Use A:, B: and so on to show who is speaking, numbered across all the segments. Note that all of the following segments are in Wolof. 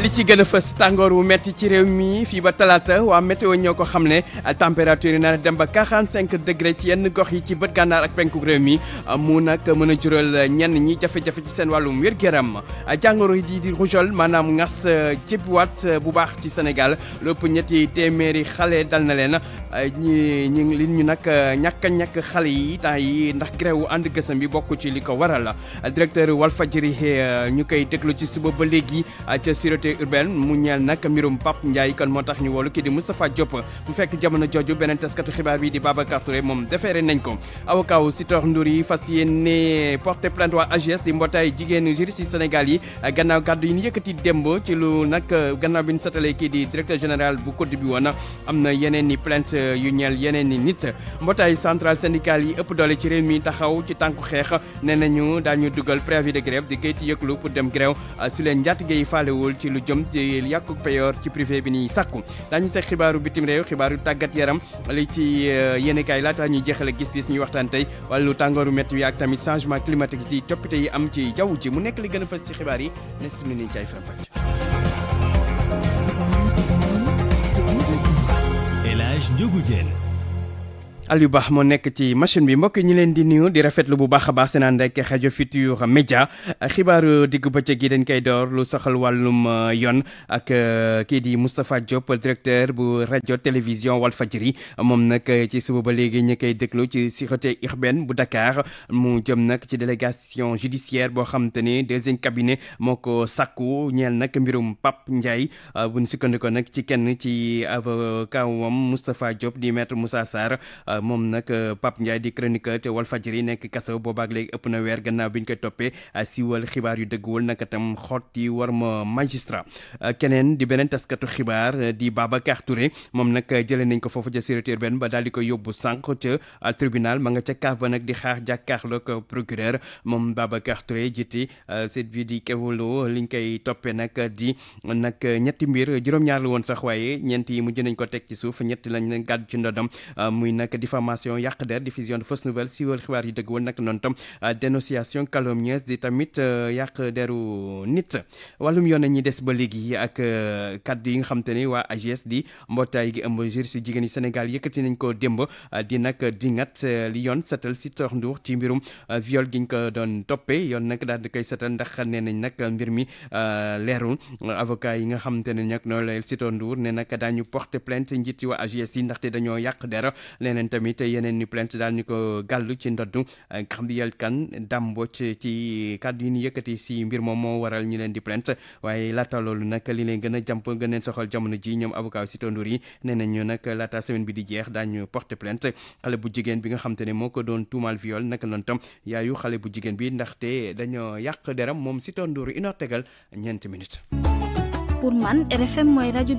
A: li ci gën a fës tàngoor wu metti ci réew mi fii ba talaata waa météo ñoo ko température yi a dem ba 45 degré ci yenn gox yi ci bët gànnaar ak penku mi mu a jural ñenn ñi jafe-jafe ci seen wàllum wér-gu-yaram di di rujol maanaam ngas jébbiwaat bu baax ci Sénégal lépp ñetti téeméeri xale dal na leen ñi ñi li ñu nag ñàkk a ñàkk xale yi temps yi ndax gréwu ànd gësam bi bokk ci li waral directeur Walfadjri eh, ñu koy déglu ci suba ba léegi ca sûreté sécurité urbaine mu ñeel nag mbirum Pape Ndiaye kon moo ñu woolu kii di Moustapha Diop mu fekk jamono jooju beneen taskatu xibaar bi di Babacar Touré moom defeere nañ ko avocat wu Sitor Ndour yi fas yéene porté plainte waa AGS di mbootaay jigéenu juriste Sénégal yi gannaaw kàddu yi ñu yëkkati ci lu gannaaw di directeur général bu code bi woon am na ni plainte yu ñeel ni nit mbootaay central syndical yi ëpp doole ci réew mi taxaw ci tànku xeex nee nañu daañu dugal préavis de grève di kayit pour dem grève su leen njaatige yi faalewul ci lu lu jëm ci yàqu payoor ci privé bi ni sàkku daañu teg xibaaru bitim réew xibaaru tàggat yaram li ci euh, yéene kaay laata ñuy jeexale gis-gis ñuy waxtaan tey wàllu tàngooru métti wi ak tamit changement climatique ci toppite yi am ci jaw ji mu nekk li gën a fës ci xibaar yi ne suñu ni jaay faram fàcc
B: El
A: Aliou Ba moo nekk ci machine bi mbokk ñi leen di nuyu di rafetlu bu baax a baax seen ànd ak rajo Futurs Médias xibaaru diggu bëccëg yi dañ koy door lu soxal wàllum euh, yoon ak euh, kii di Moustapha Diop directeur bu rajo télévision Walfadjri moom nag ci suba ba léegi ñu koy déglu ci sûreté urbaine bu Dakar mu jëm nag ci délégation judiciaire boo xam te ne deuxième cabinet moo ko sàkku ñeel nag mbirum Pape Ndiaye euh, buñ sukkandiku sukkandikoo nag ci kenn ci avocat moom Moustapha Diop di maître Moussa Sarr. moom nag euh, Pape Ndiaye di chroniqueur te Walfadjri nekk kaso boobaak léegi ëpp na weer gannaaw bi ñu koy toppee euh, siiwal xibaar yu dëgguwul naka tam xotti war ma magistrat euh, keneen di beneen taskatu xibaar di Babacar ture moom nag jëlee nañ ko foofu ca sûreté urbaine ba daal di ko yóbbu sànq ca tribunal ma nga ca kaaf ba nag di jàkk jàkkaarloo ko procureur moom Babacar Touré jiiti set bi di Kewoulo liñ koy toppee nag di nag ñetti mbir juróom-ñaar sax waaye ñeent yi mujj nañ ko teg ci suuf ñetti lañ gàddu ci ndodam muy diffamation yàq der diffusion de fausse nouvelle si wal xibaar yi dëggwul nag noonu tam euh, dénonciation calomnieuse di tamit euh, yàq deru nit wàllum yoon ñi des ba léegi ak euh, kàddu yi nga xam te ne waa AGS di mbootaay gi ëmb jur si jigéen yi Sénégal yëkkati nañ ko démb di nag dingat li yoon setal si Toox ci mbirum viol gi ñu ko doon toppee yoon nag daal di koy setal ndax nee nañ nag mbir mi leerul avocat yi nga xam te ne nag noonu la Sitor Ndour ne nag daañu porter plainte njiit yi waa AGS yi ndaxte dañoo yàq der leneen tamit yeneen ni daal ñu ko gàllu ci ndoddu eh, Gabrielle Kane Dame Mbodj ci kàddu yi ñu yëkkati si mbir moom moo waral ñi leen di plainte waaye laata loolu nag li leen gën a jàmp gën soxal jamono ji ñoom avocat si Ndour yi nee ñu nag laata semaine bi di jeex daañu porter plainte xale bu jigéen bi nga xam ne moo ko doon tuumal viol naka noonu tam yaayu xale bu jigéen bi ndaxte dañoo yàq deram moom Sitor Ndour une heure tegal ñeenti minutes.
C: pour man RFM mooy rajo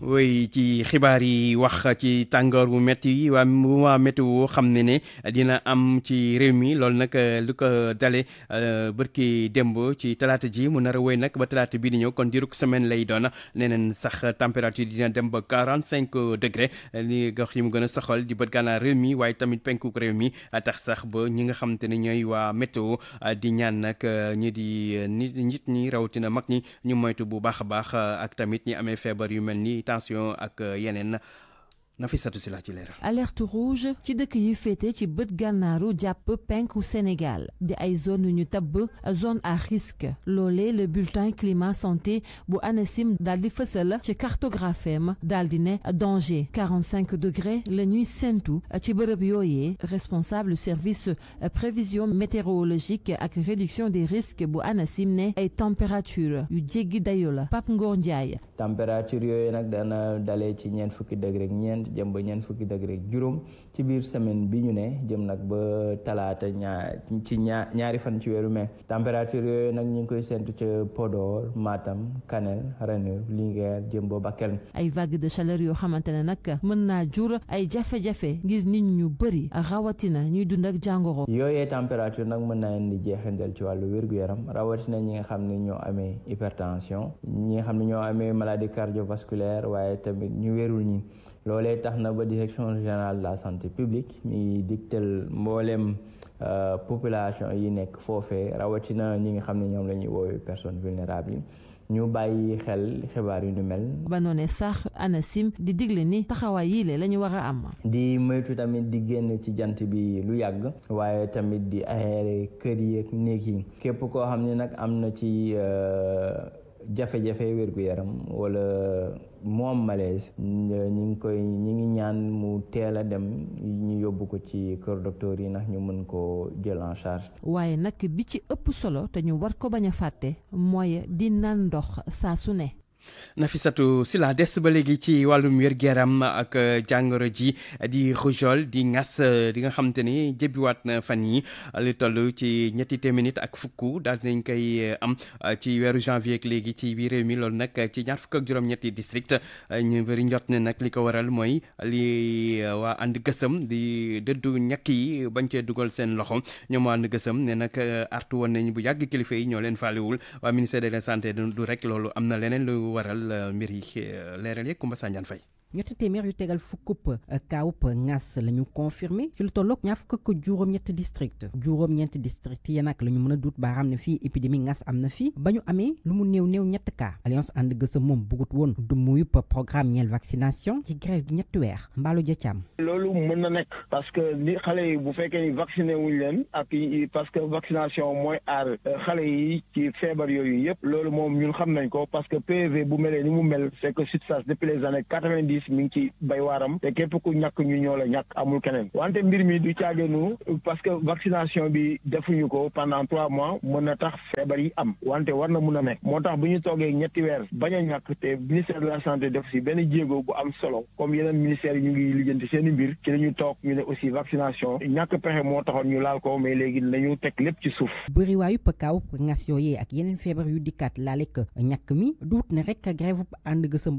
A: woy ci xibaar yi wax ci tàngoor bu métti yi waa waa météo xam ne ne dina am ci réew mi loolu nag euh, lu ko dale euh, bërki démb ci talaata ji mu nar a woy nag ba talaata bii di ñëw kon diruk semaine lay doon neneen sax température dina dem ba quarante cinq degré li euh, gox yi mu gën a soxal di bët gànnaar réew mi waaye tamit penku réew mi tax sax ba ñi nga xamante ne ñooy waa météo di ñaan nag ñi di nit ñi rawatina mag ñi ñu moytu bu baax a baax ak tamit ñi amee feebar yu mel nii tension ak yeneen ci
D: alerte rouge ci dëkk yi féete ci Ganarou gànnaaru Pink Sénégal De ay zone yu ñu zone à risque L'olé, le bulletin climat santé bu ANACIM daal di ci cartographème daal di danger 45 degrés, le nuit séntu ci bërëb responsable service euh, prévision météorologique ak réduction des risques bu et ne température yu djegi dayo la
B: température yooyu dana dalé ci ñeent fukki degré jëm ba ñeent fukki degré juróom ci biir semaine bi ñu ne jëm nag ba talaata ñaar ci ñaar ñaari fan ci weeru mai température yooyu nag ñu ngi koy séntu ca Podor maatam Kanel Ranérou Linguère jëm ba Bakel.
D: ay vague de chaleur yoo xamante ne nag mën naa jur ay jafe-jafe ngir nit ñu bëri rawatina ñuy dundak ak jàngoro.
B: yooyee température nag mën naa indi jeexandal ci wàllu wér-gu-yaram rawatina ñi nga xam ne ñoo amee hypertension ñi nga xam ne ñoo amee maladie cardiovasculaire waaye tamit ñu wérul loole tax na ba direction générale de la santé publique mi digtal mbooleem euh, population yi nekk foofe rawatina ñi nga xam ne ñoom la ñuy woowee personnes vulnérables yi ñu bàyyi xel xibaar yu ñu mel.
D: ba noonee sax ANACIM di digle ni taxawaay yii le ñu war a am.
B: di moytu tamit di génn ci jant bi lu yàgg. waaye tamit di aéré kër yi ak néeg yi. képp koo xam ne nag am na ci. Euh, jafe-jafe wér-gu-yaram wala moom malaise ñi ngi koy ñi ngi ñaan mu teel a dem ñu yóbbu ko ci kër docteur yi ndax ñu mën koo jël en charge
D: waaye nag bi ci ëpp solo te ñu war ko bañ a fàtte mooy di naan ndox saa su ne
A: si Sylla des ba léegi ci wàllum wér gu ak euh, jàngoro ji di rougeole di ngas euh, di nga xamante ni jébbiwaat na fan yi li toll ci ñetti téeméer ak fukk daal dinañ koy euh, am ci weeru janvier ak léegi ci biir réew mi loolu nag ci ñaar fukk ak juróom-ñetti district ñu bëri njot ne nag li ko waral mooy li waa ànd gësëm di dëddu ñàkk yi bañ cee dugal seen loxo ñoom waa ànd gësëm ne nag artu woon nañ bu yàgg kilifa yi ñoo leen faalewul waa ministère de la santé waral euh, mbir yi euh, leeral yeeg Koumba Sandiane Faye
E: ñetti téeméer yu tegal fukkub euh, kaawub ngas la ñu confirmé ci lu tolloog ñaar fukk ak juróom-ñetti district juróom-ñeenti district yi nag la ñu mën a duut baaraam ne fii épidémie ngas am na fii ba ñu amee lu mu néew néew ñett cas alliance ànd gësa moom bugut woon du muyub programme ñeel vaccination ci grève bi ñetti weer mbaalu jëcaam
F: loolu mën na nekk parce que ni xale yi bu fekkee ni vacciné wuñ leen ak parce que vaccination mooy aar euh, xale yi ci feebar yooyu yëpp loolu moom ñun xam nañ ko parce que PV bu melee ni mu mel c'est que substance depuis les années 90 gis mi ngi ci bay waaram te képp ku ñàkk ñu ñoo la ñàkk amul keneen wante mbir mi du caageenu parce que vaccination bi defuñu ko pendant trois mois mën na tax feebar yi am wante war na mun a nekk moo tax bu ñu toogee ñetti weer bañ a ñàkk te ministère de la santé def si benn jéego bu am solo comme yeneen ministère yi ñu ngi lijjanti seeni i mbir ci la ñu toog ñu ne aussi vaccination ñàkk pexe moo taxoon ñu laal ko mais léegi nañu teg lépp
E: ci suuf. bëriwaayu pakaaw ngas yooyee ak yeneen yu dikkaat laalek ñàkk mi duut ne rek ànd gësëm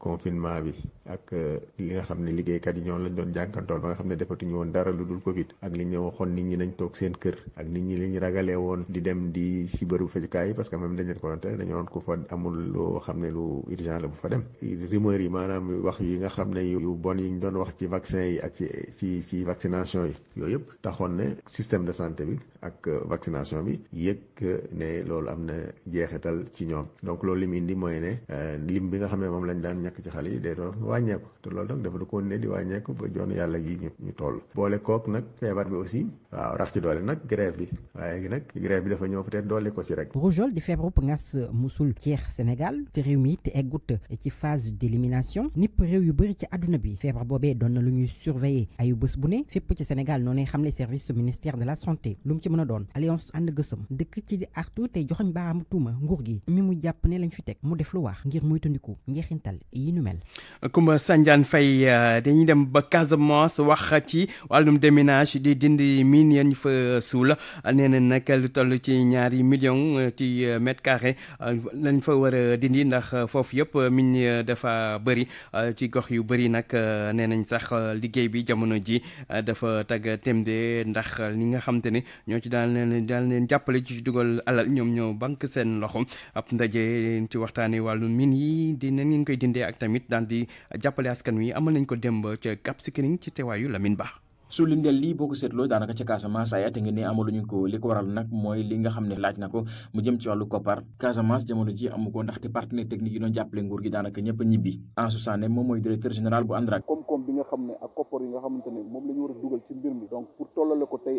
F: confinement bi ak euh, li nga xam ne liggéeykat yi ñoo lañ doon jànkantool ba nga xam ne defatuñu woon dara lu covid ak li ñu waxoon nit ñi nañ toog seen kër ak nit ñi li ñu di dem di siberu bërëbu fajukaay yi parce que même dañ ko fa amul lo xam ne lu urgent la bu fa dem rumeur yi maanaam wax yi nga yu bon yi ñu doon wax ci vaccin yi ak ci ci ci vaccination yi ne système de santé bi ak euh, vaccination bi yek euh, ne lo am na jeexital ci ñoom donc loolu lim indi mooy ne lim bi nga lañ daan ñàkk ci xale yi day doon wàññeeku te loolu nag dafa du ko ne di wàññeeku ba joon yàlla yi ñu ñu boole kook nag feebar bi aussi waaw ah, rax ci pengas nag grève bi grève bi dafa peut-être ko rek.
E: rougeole di musul jeex Sénégal te réew mi te eggut ci phase d'élimination ni réew yu bëri ci àdduna bi feebar boobee doon na lu ñuy surveiller ayu bés bu ne fépp ci Sénégal noné xamle service ministère de la santé lu mu ci mën doon alliance ànd gësëm dëkk ci di artu te joxoñ baaraamu tuuma nguur gi mi mu jàpp ne lañ fi teg mu def lu waax ngir moytandiku njeexintal yi nu mel.
A: Kumba Sanjaan Faye eh, dañuy dem ba Casamance wax ci di dindi junni ñu fa euh, suul nee na nag lu toll ci ñaari million euh, ci euh, mètre carré lañ fa war a dindi ndax foofu yëpp miñ dafa bëri ci gox yu bëri nag nee nañ sax liggéey bi jamono ji dafa tagg tembe ndax li nga xam te ñoo ci daal leen daal leen jàppale ci dugal alal ñoom ñoo banque seen loxo ab ndaje ci waxtaanee wàllu min yi di nan ngeen koy dindee ak tamit daal di jàppale askan wi amal nañ ko demb ca
G: Cap Skirring ci teewaayu Lamine Ba su lindeel lii boo ko seetloo daanaka ca Casamance ay at ngi ne amaluñu ko li ko waral nag mooy li nga xam ne laaj na ko mu jëm ci wàllu koppar Casamance jamono ji amu ko ndaxte partenaire technique yi doon jàppale nguur gi daanaka ñëpp a ñibbi Ansou Sané moom mooy directeur général bu ANDRAC koom-koom bi nga
H: xam moom la ñu war a dugal ci mbir mi donc pour tollale ko tey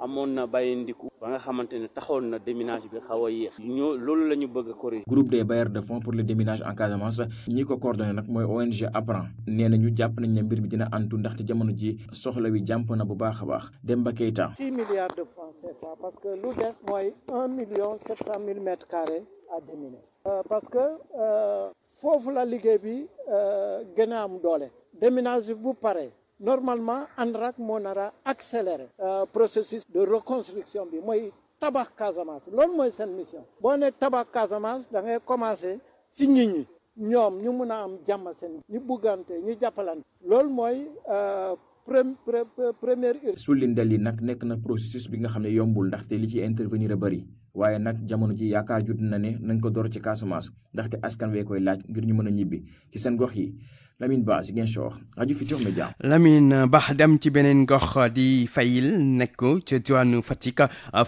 I: amoon na bàyyindiku ba nga xamante ne taxoon na déminage bi xaw a yéex loolu la ñu bëgg a corriger groupe
G: des bailleurs de fonds pour le déminage en Casamance ñi ko coordonné nag mooy ONG Apprend nee na ñu jàpp nañ ne mbir mi dina antu ndaxte jamono ji soxla wi jàmp na bu baax a baax Demba Keita six
H: de francs CFA parce que lu des mooy un million sept cent mille mètres euh, parce que euh, foofu la liggéey bi euh, gën a am doole déminage bi bu pare normalement ANRAC moo nar a accélérer euh, processus de reconstruction bi mooy tabax Casamance loolu mooy seen mission boo ne tabax Casamance da ngay commencer si nit ñi ñoom ñu mën a am jàmm seen ñi buggante ñu jàppalante loolu mooy euh,
G: première première. sullindal yi nag nekk na processus bi nga xam ne yombul ndaxte li ci intervenir a bëri. waaye nag jamono ji yaakaar judd na ne nañ ko door ci Casamance ndaxte askan wee koy laaj ngir ñu mën a ñibbi ki seen gox yi Lamine Ba Ziguinchor rajo Futurs Médias.
B: Lamine
A: Ba dem ci beneen gox di Fayil nekk ca diwaanu Fatick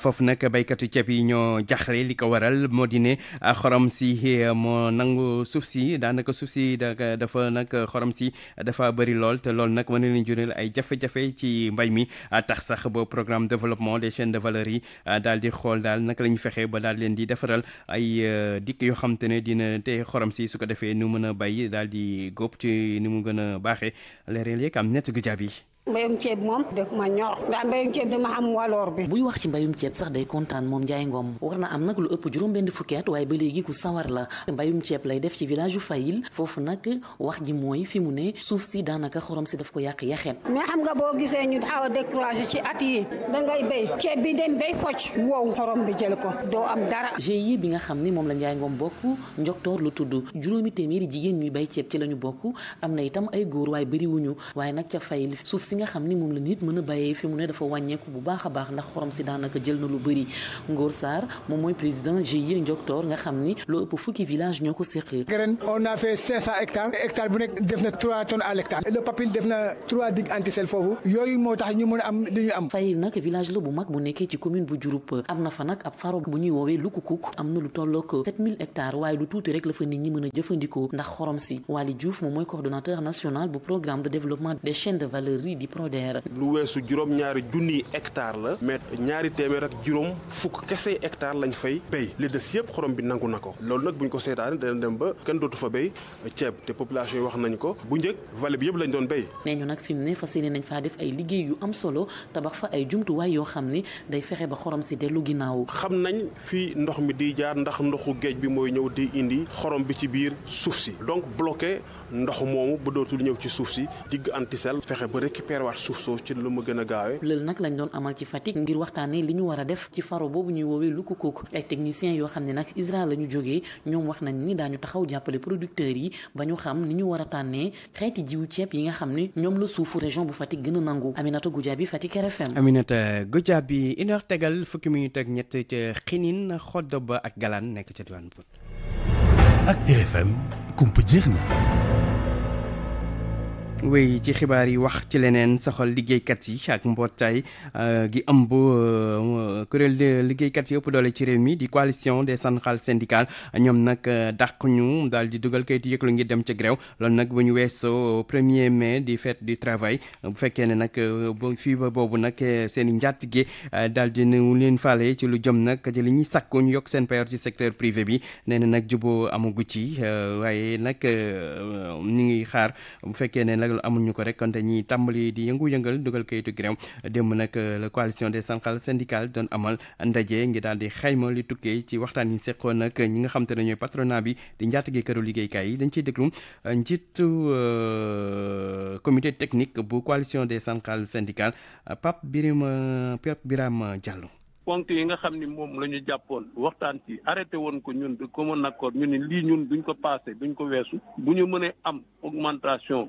A: foofu nag béykatu ceeb yi ñoo jaxle li ko waral moo di ne xorom si eh, moo nangu suuf si daanaka suuf si dafa nag xorom si dafa bëri lool te loolu nag mën na leen jural ay jafe-jafe ci mbay mi tax sax ba programme développement des chaînes de valeur yi daal di xool daal fexe ba daal leen di defaral ay euh, dikk yoo xam ne dina te xorom si su ko defee nu mën a bàyyi daal di góob ci ni mu gën a baaxee leeral yeeg am nett gu
C: yi mbéyum ceeb moom def ma ñor
J: ndax mbéyum ceeb dama xam waloor bi buy wax ci mbéyum ceeb sax day kontaan moom Njaay ngoom war na am nag lu ëpp juróom benn fukki waaye ba léegi ku sawar la mbéyum ceeb lay def ci village yu Fayil foofu nag wax ji mooy fi mu ne suuf si daanaka xorom si daf ko yàq yaxeet
C: mais xam nga boo gisee ñu ci at yi dangay béy xorom
K: bi jël ko doo am dara
J: bi nga xam ni moom la Njaay bokk njoktoor lu tudd juróomi téeméeri jigéen ñuy bay ceeb ci lañu bokk am na itam ay góor waaye bëriwuñu waaye nag ca Fayil suuf si nga xam ni moom la nit mën a bàyyee fi mu ne dafa wàññeeku bu baax a baax ndax xorom si daanaka jël na lu bëri Ngor Sar moom mooy président GIE Ndioktor nga xam ni lu ëpp fukki village ñoo ko séq ren on a fait 500 hectares hectare bu nekk def na 3 tonnes à l'hectare le papil def na 3 digues antisel foofu yooyu moo tax ñu mën a am li ñu am Fayil nag village la bu mag bu nekkee ci commune bu Diouroup am na fa nag ab faro bu ñuy woowee Lukukuk am na lu tolloog 7000 hectares waaye lu tuuti rek la fa nit ñi mën a jëfandikoo ndax xorom si Wali Diouf moom mooy coordonnateur national bu programme de développement des chaînes de valeur yi di Proder.
L: lu weesu juróom ñaari junniy hectare la mais ñaari téeméer ak juróom fukk kese hectare lañ fay béy li des yëpp xorom bi nangu na ko loolu nag buñ ko seetaane dana dem ba kenn dootu fa béy ceeb te population yi wax nañ ko bu njëkk vale bi yëpp lañ doon béy.
J: nee ñu nag fi mu ne fas yéene nañ faa def ay liggéey yu am solo tabax fa ay jumtuwaay yoo xam ni day fexe ba xorom si lu ginnaaw.
L: xam nañ fii ndox mi di jaar ndax ndoxu géej bi mooy ñëw di indi xorom bi ci biir suuf si donc bloqué ndox moomu bu dootul ñëw ci suuf si digg antisel fexe ba récupérer récupérer waat suuf soosu ci lu mu gën a gaawee
J: loolu nag lañ doon amal ci Fatick ngir waxtaanee li ñu war a def ci faro boobu ñuy woowee Lukukook ay techniciens yoo xam ne nag Israël la ñu jógee ñoom wax nañ ni daañu taxaw jàppale producteurs yi ba ñu xam ni ñu war a tànnee xeeti jiwu ceeb yi nga xam ne ñoom la suufu région bu Fatick gën a nangu Aminata Goudiaby Fatick RFM
A: Aminata Goudiaby une heure tegal fukki mu minute teg ñett ca Xinin ba ak Galaan nekk ca diwaan Pout ak wéy ci xibaar yi wax ci leneen soxal liggéeykat yi ak mbootaay euh, gi ëmb euh, kuréel liggéeykat yi ëpp doole ci réew mi di coalition des centrales syndicales ñoom nag euh, dàq ñu daal di dugal kayitu yëkkalu ngi dem ci grève loolu nag bu ñu weesoo premier mai di fête du travail bu fekkee ne nag fii ba boobu nag seen i njaatige daal di nu leen faale ci lu jëm nag ci li ñuy sàkku ñu yokk seen payoor ci secteur privé bi nee na nag juboo amagu ci waaye nag ñu ngi xaar bu fekkee ne nag nag amuñu ko rek kon dañuy tàmbali di yëngu-yëngal dugal kayitu grève démb nag la coalition des centrales syndicales doon amal ndaje ngi daal di xayma li tukkee ci waxtaan yi seqoon nag ñi nga xam te ne ñooy patronat bi di njaatige këru liggéeykaay yi dañ ciy déglu euh, njiitu euh, comité technique bu coalition des centrales syndicales Pape Birima Pape Birama
M: ni moom la jàppoon waxtaan ci arrêté woon ko ñun de commun accord ñu ne lii ñun duñ ko passé duñ ko weesu bu ñu mënee am augmentation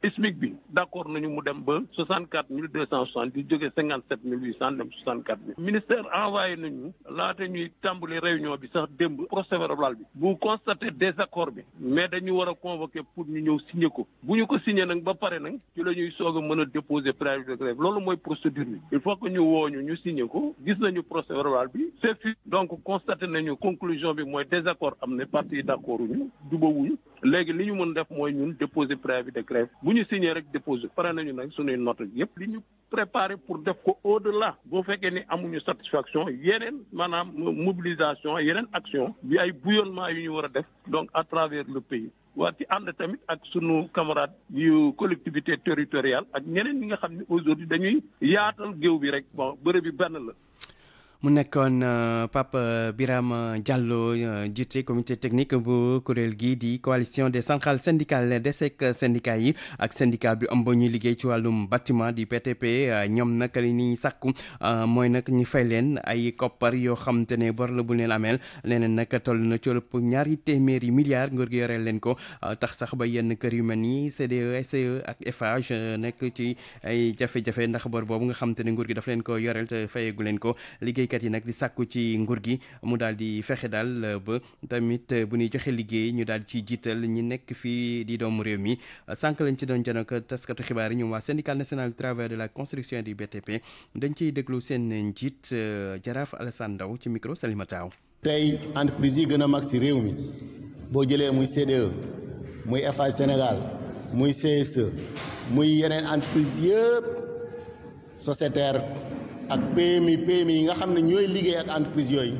M: 000, SMIC, d'accord, nous avons 64 270, nous 57 800, nous 64 000. Le ministère a envoyé nous, nous avons eu réunion, nous avons procès verbal. Vous constatez des accords, mais nous avons convoqué pour nous signer. Si nous avons signé, nous avons nous avons déposé déposer préavis de grève. C'est la procédure. Il faut que nous nous signions, nous avons le procès verbal. C'est fini. Donc, nous constatons la conclusion, nous avons des désaccord, nous avons parti d'accord, nous avons Légui li préavis de grève bu ñu signé rek déposé pare nañu nag suñuy note yëpp li ñu préparer pour def ko au delà bo fekkee ni amuñu satisfaction yenen manam mobilisation yenen action bi ay bouillonnement yu ñu wara def donc à travers le pays waa ci ànd tamit ak sunu camarade yu collectivité territoriale ak ñeneen ñi nga xam ne aujourd'hui dañuy yaatal géew bi rek bon bërëb bi benn la
A: mu nekkoon euh, Pape euh, Birame Diallo euh, jiite comité technique bu kuréel gii di coalition des centrales de desek syndicat yi ak syndicat bi ëmb ñuy liggéey ci wàllum batiment di PTP ñoom nag li ñuy sàkku mooy nag ñu fay leen ay koppar yoo xam ne bor la bu leen ameel leneen nag toll na ci ëpp ñaari téeméeri milliards nguur gi yoreel leen ko tax sax ba yenn kër yu mel ni CDE SCE e ak Eiffage nekk ci ay jafe-jafe ndax bor boobu nga xam ne nguur gi daf leen ko yoreel te fayeegu leen ko liggéeykat yi nag di ci nguur gi mu daal di fexe daal euh, ba tamit euh, bu ñuy joxe liggéey ñu daal ci jiital ñi nekk fii di doomu réew mi sànq lañ ci doon janok taskatu xibaar yi ñoom waa syndicat national du travail de la construction du BTP dañ ciy déglu seen njiit euh, Jaraaf Alassane Ndaw ci
N: micro Salimata tey entreprise yi gën a mag si réew mi boo jëlee muy CDE muy Eiffage Sénégal muy CSE muy yeneen entreprise yëpp sociétaire ak PMI PMI yi nga xam ne ñooy liggéey ak entreprise yooyu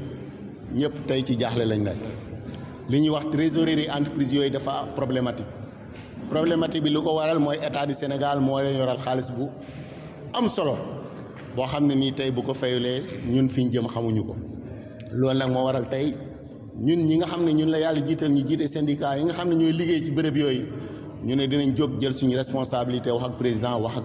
N: ñëpp tey ci jaaxle lañ nekk li ñuy wax trésorerie entreprise yooyu dafa problématique problématique bi lu ko waral mooy état du Sénégal moo leen yoral xaalis bu am solo boo xam ne nii tey bu ko fayulee ñun fi ñu jëm xamuñu ko loolu nag moo waral tey ñun ñi nga xam ne ñun la yàlla jiital ñu jiite syndicat yi nga xam ne ñooy liggéey ci béréb yooyu ñu ne dinañ jóg jël suñu responsabilité wax ak président wax ak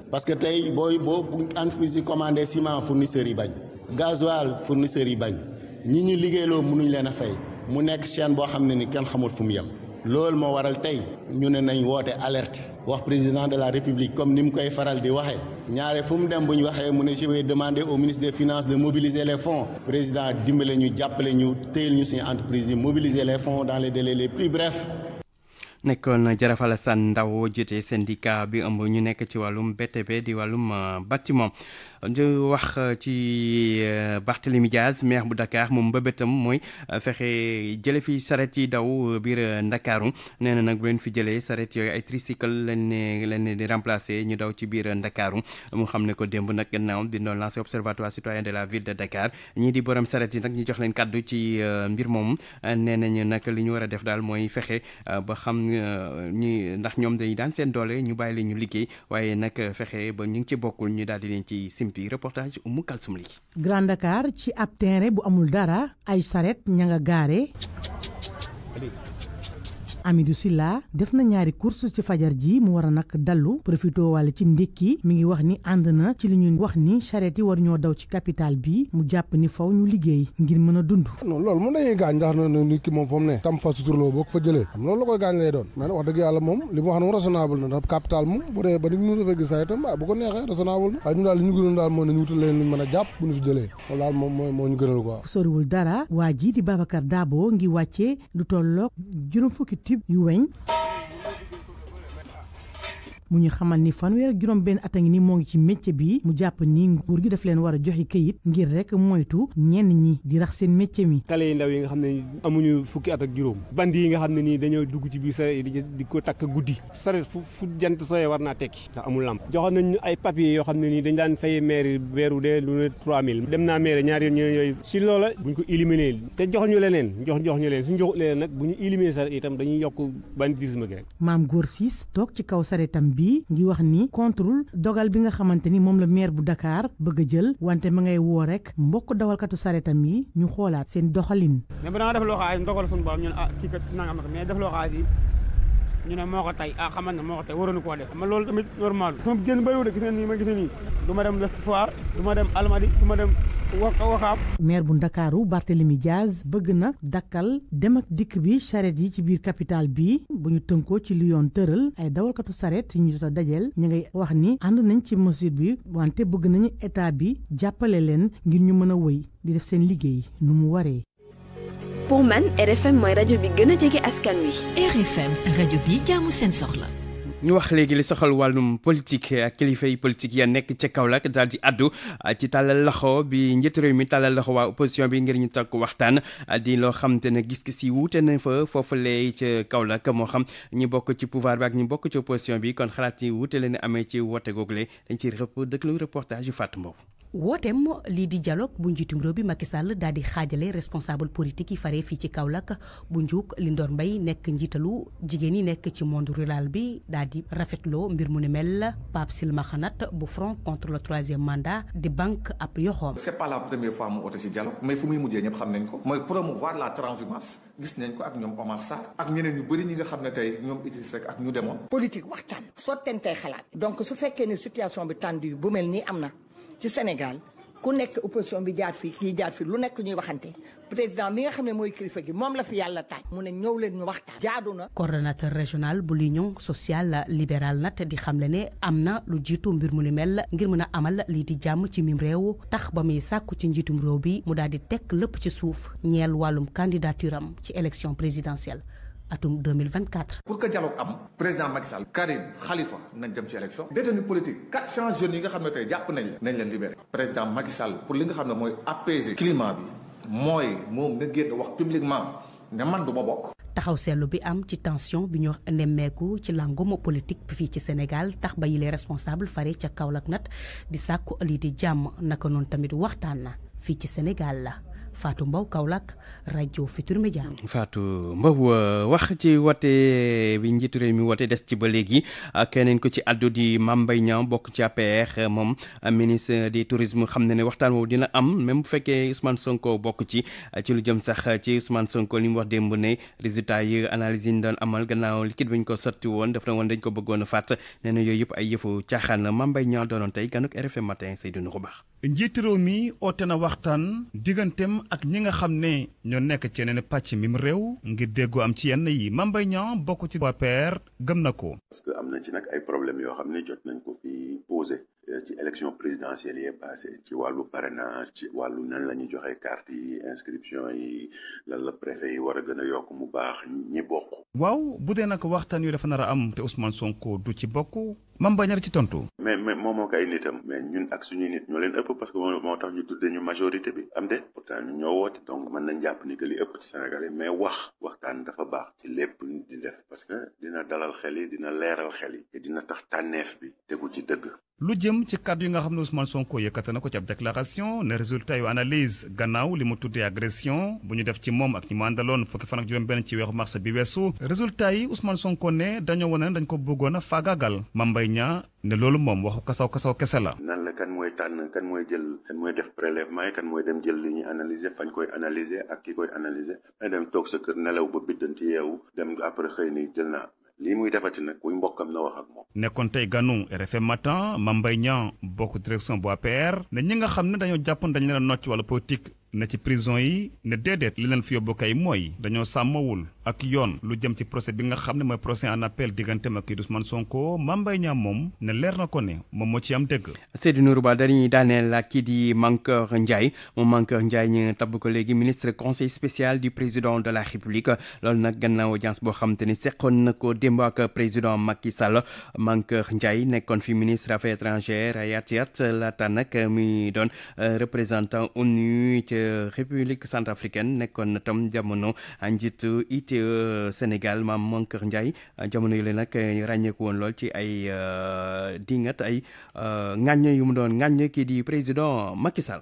N: parce que tay boy bo entreprise yi commandé ciment fournisseur yi bañ gasoil fournisseur yi bañ ñi ñu liggéeyloo mënuñ leena fay mu nekk chaîne bo xamné ni kenn xamul fu mu yam loolu mo waral tay ñu ne nañ woté alerte wax président de la république comme nim koy faral di waxé ñaare fu mu dem buñ waxé mu ne je vais demander au ministre des finances de mobiliser les fonds président dimbale ñu jappalé ñu téyel ñu suñu entreprise yi mobiliser les fonds dans les délais les plus brefs.
A: nekkoon jarafala sa ndaw jiite syndicat bi ëmb ñu nekk ci wàllum BTP di wàllum bâtiment eh, ñu wax ci Barthélemy Diaz maire bu Dakar moom mbëbëtam mooy eh, fexe jële fi saret yi daw eh, biir Ndakaaru nee na nag bu leen fi jëlee saret yooyu ay tricycle lañ ne lañ ne di remplacer ñu daw ci biir Ndakaaru mu xam ne ko démb nag gannaaw bi doon lancé observatoire citoyen de la ville de Dakar ñii di borom saret yi nag ñu jox leen kàddu ci mbir moom nee nañu nag li ñu war a def daal mooy fexe ba xam Euh, ñi ndax ñoom dañuy daan seen doole ñu bàyyi leen ñu liggéey waaye nag fexe ba ñu ngi ci bokkul ñu daal di leen ci simpi reportage Oumou Kalsoum li
O: Grand Dakar ci ab terrain bu amul dara ay saret ña nga gaare Amidou Sylla def na ñaari course ci fajar ji mu war a nag dallu profito wàll ci ndékki mi ngi wax ni ànd na ci li ñu wax ni charrette war ñoo daw ci capital bi mu jàpp ni faw ñu liggéey ngir mën a dund
L: non loolu mën nañuy gaañ ndax na nit moom fa mu ne tam fa suturloo boo ko fa jëlee xam loolu gaañ lay doon mais wax dëgg yàlla moom li mu wax noonu raisonnable na ndax capital moom bu dee ba ni ñu defee gis saa itam ah, bu ko neexee raisonnable na waaye ñu daal li ñu gënoon daal moo ne ñu wutal leen luñ mën a jàpp bu ñu fi jëlee
O: loolu dara waa ji di Babacar Dabo ngi wàccee lu tolloog juróom fukki Typ Yuan? mu ñu xamal ni fanweer ak juróom benn at ngi ni moo ngi ci métier bi mu jàpp ni nguur gi daf leen war a joxe këyit ngir rek moytu ñenn ñi di rax seen métier mi
P: xale yi ndaw yi nga xam ne amuñu fukki at ak juróom band yi nga xam ne nii dañoo dugg ci biir sareet di ko takk guddi sareet fu fu jant soye war naa tekki ndax amul lamp joxoon nañu ay papier yoo xam ne nii dañ daan fay maire weeru dee lu ne 3000 dem naa maire ñaari yoon ñeneen yooyu si loola buñ ko éliminer te jox ñu leneen jox jox ñu leen suñ jox leen nag bu ñu éliminer itam dañuy yokk banditisme gi rek
O: maam góor siis toog ci kaw bi bi ngi wax ni contrôle dogal bi nga xamante ni budakar la maire bu Dakar bëgg jël wante ma ngay woo rek mbokk dawalkatu saretam yi ñu seen doxalin.
I: mais def ndogal ñun ah nangam mais def ñu ne moo ko tey ah xamal na moo ko tey waroon koo def ma loolu tamit normal sama
O: génn bëriwul de a ngeen nii ma gis
I: nii du ma dem les foire dem almadi du dem wax waxaam
O: maire bu ndakaaru Barthélemy Diaz bëgg na dakkal dem ak dikk bi charrette yi ci biir capitale bi bu ñu tënkoo ci li tëral ay dawalkatu charrette yi ñu jot dajeel ñu ngay wax ni ànd nañ ci mesure bi wante bëgg nañu état bi jàppale leen ngir ñu mën a woy di def seen liggéey nu mu waree
E: pour man RFM mooy rajo bi gën jege askan wi. RFM rajo bi
D: jaamu seen soxla.
A: ñu wax léegi li soxal wàllum politique ak kilifa yi politique ya nekk ca kawlak daal di addu ah, ci tàllal loxo bi njiitu réew mi tàllal loxo waa opposition bi ngir ñu toog waxtaan ah, di loo xam te ne gis-gis yi wuute na fa foofu lee ca Kaolack moo xam ñu bokk ci pouvoir bi ak ñu bokk ci opposition bi kon xalaat yi wuute leen amee ci woote googu dañ ci rëpp dëkk lu reportage yu fàtt Mbow.
C: wooteem lii di dialogue bu njiitum réew bi Macky Sall daal di xaajale responsable politique yi faree fii ci Kaolack bu njuug Lindor Mbaye nekk njiitalu jigéen yi nekk ci monde rural bi daal di rafetloo mbir mu ne mel Pape Silma Khanat bu front contre le troisième mandat di banque ab yoxoom. c'est
F: pas la première fois mu oote si dialogue mais fu muy mujjee ñëpp xam nañ ko mooy promouvoir la transhumance gis nañ ko ak ñoom Omar Sarr ak ñeneen ñu bëri ñi nga xam ne tey ñoom Idriss Seck ak ñu demoon.
O: politique waxtaan sottantey xalaat donc su fekkee ne situation bi tendue bu mel nii am na ci Sénégal ku nekk opposition bi jaar fii kii jaar fii lu nekk ñuy waxante
C: président bi nga xam ne mooy kilifa gi moom la fi yàlla taaj mu ne ñëw leen ñu waxtaan jaadu na. coordonnateur régional bu l'union sociale na te di xamle ne am na lu jiitu mbir mu ni mel ngir mën a amal lii di jàmm ci mim réew tax ba muy sàkku ci njiitum réew bi mu daal di teg lépp ci suuf ñeel wàllum candidature am ci élection présidentielle. atum 2024.
F: pour que dialogue am président Macky Sall Karim Khalifa nañ jëm ci élection détenu politique quatre cent jeunes yi nga xam ne tey jàpp nañ la nañ leen libéré président Macky pour li nga xam ne mooy apaiser climat bi mooy moom na génn wax publiquement ne man du ma bokk
C: taxaw seetlu bi am ci tension bi ñu wax nemmeeku ci languma politique bi fii ci Sénégal tax ba yile responsable fare ca Kaolack nat di sàkku ëllëg di jàmm naka noonu tamit waxtaan na fii ci Sénégal Fatou Mbow Kaolack rajo Futur Media.
A: faatu Mbow euh, wax ci woote bi njiitu réew mi woote des ci ba léegi keneen ko ci àddu di Mame Mbaye Niang bokk ci APR moom ministre du tourisme xam na ne waxtaan woowu dina am même bu fekkee Ousmane Sonko bokk ci ci lu jëm sax ci Ousmane Sonko li mu wax démb ne résultat yi analyse yi ñu amal gannaaw liquide bi ko sotti woon def na woon dañ ko bëggoon a fàtt nee na yooyu yëpp ay yëfu caaxaan la Mame Mbaye Niang doonoon tey ganuk RFM
P: matin Seydou Nourou Ba. njiitu réew mi ote na waxtaan digganteem ak ñi nga xam ne ñoo nekk ci yeneen pàcc mi mu réew ngir déggoo am ci yenn yi Mame Mbaye bokk ci waa gëm na ko.
Q: parce que am na ci nag ay problèmes yoo xam ne jot nañ ko fi posé. Eh, ci élection présidentielle yi passé ah, ci walu parrainage ci wàllu nan la ñu joxe carte yi inscription yi lan la préfet yi war a gën mu baax ñi bokk.
P: waaw bu dee nag waxtaan yu dafa nar am te Ousmane Sonko du ci bokk mam bañar ci tontu.
Q: mais mais moom moo ay nitam. mais ñun ak suñuy nit ñoo leen ëpp parce que moo tax ñu tuddee ñu majorité bi am de pourtant ñu ñoo woote donc mën nañ jàpp ni que ëpp ci Sénégal mais wax waxtaan dafa baax ci lépp di def parce que dina dalal xel yi dina leeral xel yi te dina tax tànneef bi tegu ci
P: dëgg. lu jëm ci kàddu yi nga xam ne Ousmane Sonko yëkkate na ko ci ab déclaration ne résultat yu analyse gannaaw li mu tuddee agression bu ñu def ci moom ak ñi mu àndaloon fukki fan ak juróom-benn ci weeru mars bi weesu résultat yi Ousmane Sonko ne dañoo wane ne dañ ko bëggoon a faagaagal Mame Mbaye Niang ne loolu moom waxu kasaw kasaw kese la. nan la
Q: kan mooy tànn kan mooy jël kan mooy def prélèvement yi kan mooy dem jël li ñuy analyser fañ koy analyser ak ki koy analyser dem sa kër nelaw ba biddanti yeewu dem après xëy ni jël naa lii muy defati nag kuy mbokkam na wax moom.
P: nekkoon tey ganu RFM matin Mame Mbaye Niang bokk direction bu APR ne ñi nga xam ne dañoo jàpp dañ leen a nocc wala politique ne ci prison yi ne déedéet li leen fi yóbbu kay mooy dañoo sàmmawul ak yoon lu jëm ci procès bi nga xam ne mooy procès en appel diggante ma kii Ousmane Sonko Mame Mbaye Niang moom ne leer na ko ne moom moo ci am dëgg. Seydou Nourou
A: Ba dañuy daaneel ak kii di Mankeur Ndiaye moom Mankeur Ndiaye ñu tabb ko léegi ministre conseil spécial du président de la République loolu nag gannaaw audience boo xam te ni seqoon na ko démb ak président Macky Sall Mankeur Ndiaye nekkoon fi ministre affaires étrangères ay at laata nag muy doon euh, représentant république centrafricaine nekkoon tam jamono njiitu ITIE euh, Sénégal maam Mankeur Ndiaye jamono yi la nag eh, ràññeeku woon lool ci ay euh, dingat ay euh, ŋàññ yu mu doon ŋàññ kii di président Macky Sall.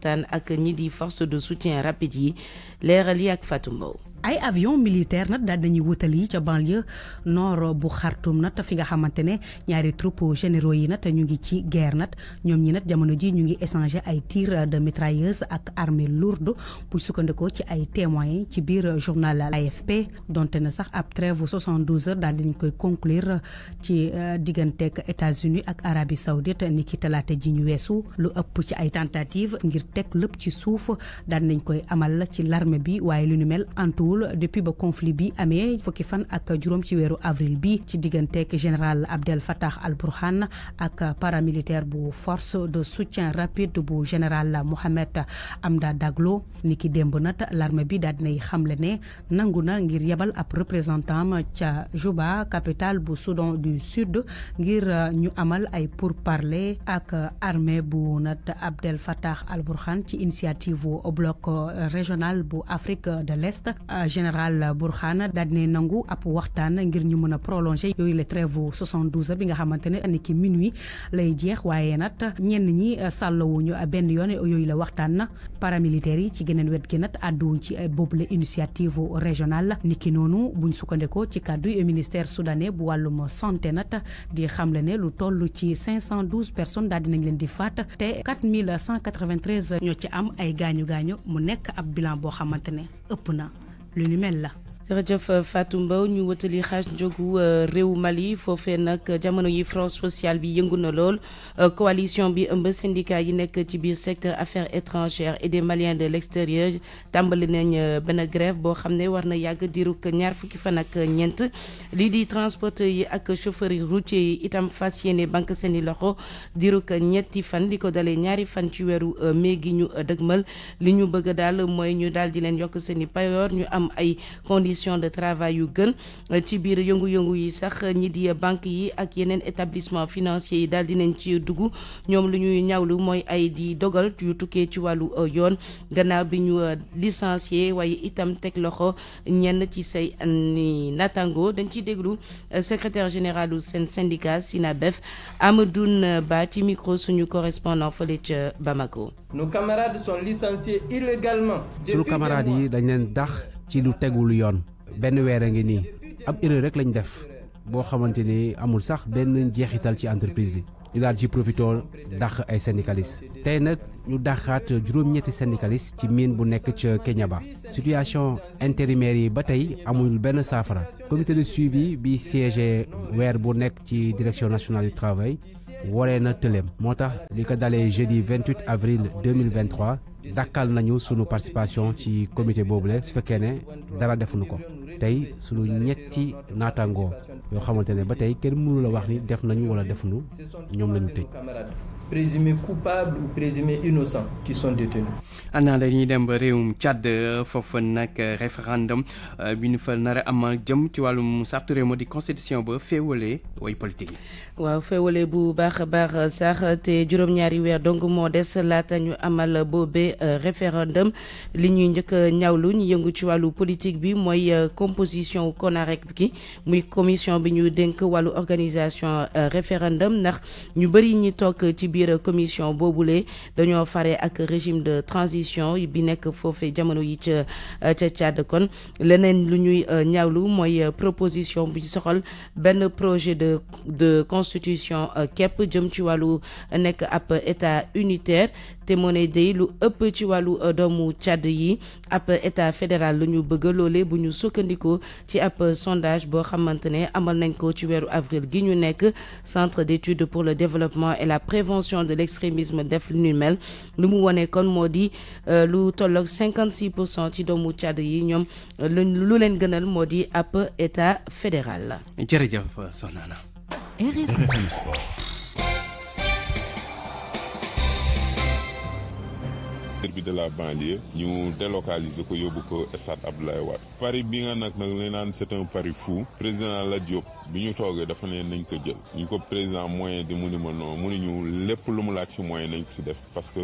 K: waxtaan ak ñi force de soutien rapide yi leeral yi ak
C: ay avion militaire nag dal dañuy wutali ci banlieue nord bu Khartoum nag fi nga xamantene ñaari troupes généraux yi nag ñu ngi ci guerre nag ñom ñi nag jamono ji ñu ngi échanger ay tir de mitrailleuse ak armée lourde bu sukkandikoo ci ay témoins ci biir journal AFP donte na sax après trêve 72 heures dal dañ koy conclure ci euh, digganteeg États-Unis ak Arabie Saoudite niki talaata ji ñu wessu lu ëpp ci ay tentative ngir tek lepp ci souf dal nañ koy amal ci l'armée bi waye lu ñu mel antu depuis le conflit bi amé fokki fan ak juróom ci wéru avril bi ci diganté général Abdel Fattah al-Burhan ak paramilitaire bu force de soutien rapide bu général Mohamed Amda Daglo niki demb nat l'armée bi dal dinay xamlé né nanguna ngir yabal ap représentant Juba capitale bu Soudan du Sud ngir euh, ñu amal ay parler ak armée bu nat Abdel Fattah al-Burhan ci initiative bloc euh, régional bu Afrique de l'Est euh, général Burkhana dadne nangu ap waxtaan ngir ñu mëna prolonger yoy la trêve 72 heures bi nga xamantene ni ki minuit lay jeex waaye nat ñenn ñi sàllowuñu benn yoon yooyu la waxtaan na yi ci geneen wet gi nag ci initiative régionale niki nonu, buñ buñ ko ci du ministère soudanais bu walum santé nat, di xamle ne lu tollu ci 512 personnes dal dinañ leen di faat te 4193 ñoo ci am ay gañu gañu mu nekk ab bilan bo xamantene ëpp na le numéro jërëjëf euh,
K: Fatou Mbow ñu wëtali xaj jogu euh, réew Mali fofé nak jamono yi social bi yëngu lool euh, coalition bi ëmb syndicat yi nek ci biir secteur affaires étrangères et des Maliens de l'extérieur tambali nañ benn grève bo xamné ne war na yàgg ñaar fukki fan ak di transporteurs yi ak chauffeurs yi itam fas banque seni loxo diirug ñetti fan liko dalé ñaari fan ci wëru mai gi ñu dëgmal li ñu bëgg dal moy ñu dal di leen yok payor ñu am ay conditions de travail yu gën ci biir yëngu-yëngu yi sax ñi di yi ak yeneen établissement financier yi daal dinañ ci dugg ñoom lu ñuy ñaawlu mooy ay di dogal yu tukkee ci wàllu euh, yoon gannaaw bi ñu euh, licencié waaye itam teg loxo ñenn ci say natango dañ d'eglou déglu euh, secrétaire général du syndicat sinabef Amadoune Ba ci micro suñu correspondant fële ca Bamako.
I: Nos camarades sont licenciés illégalement. sunu camarades yi dañ leen dax ci lu tegul yoon ben weer a ngi nii ab erreur rek lañ def bo xamanteni amul sax ben jeexital ci entreprise bi ñu daal ci profitool dàq ay syndicalistes tay nak ñu dàqaat juroom ñetti syndicalistes ci mine bu ci Kenya ba situation intérimaire yi ba tay amul ben safara comité de suivi bi siégé wér bu nek ci direction nationale du travail waree na tëleem motax tax li ko jeudi 28 avril 2023 dàkkal nañu sunu participation ci boobu boobule su fekkee ne dara defuñu ko tey sunu ñetti naataangoo yoo xamante ne ba tey kenn mënu wax ni def nañu wala defuñu ñoom lañu tëj présumés coupables ou présumés innocents qui sont détenus.
A: ana dañuy dem ba Tchad foofa référendum euh, bi amal jëm ci wàllum modi di constitution ba féwolé way politique yi.
K: waaw féewale bu baax a baax sax te juróom-ñaari weer amal bobé euh, référendum li ñuy njëkk a politique bi moy euh, composition konarek gi muy commission bi ñu dénk walu organisation référendum nar ñu bari ñi tok ci biir commission boobule dañoo fare ak régime de transition bi nekk foofee jamono yi ca euh, ca Tchad kon leneen lu ñuy euh, ñaawlu mooy euh, proposition bu soxal benn projet de de constitution képp jëm ci wàllu nekk ab état unitaire te moo ne day lu ëpp ci wàllu doomu Tchad yi ab état fédéral lu ñu bëgg loole bu ñu sukkandikoo ci ab sondage boo xamante ne amal nañ ko ci weeru avril gi ñu nekk centre d'études pour le développement et la prévention prévention de l'extrémisme def numel ñu mel lu mu kon modi euh, lu tolloog 56 ci doomu Tchad yi ñom euh, lu leen gënal modi ap état fédéral.
A: jërëjëf soxna na.
R: bi de la banlieue ñu délocaliser ko yóbbu ko stade Abdoulaye Wade pari bi nga nag nag leen naan c'est un pari fou président la Diop bi ñu toogee dafa ne nañ ko jël ñu ko président moyen de mu ni ma non mënuñu lépp lu mu laaj ci moyen nañ ko def parce que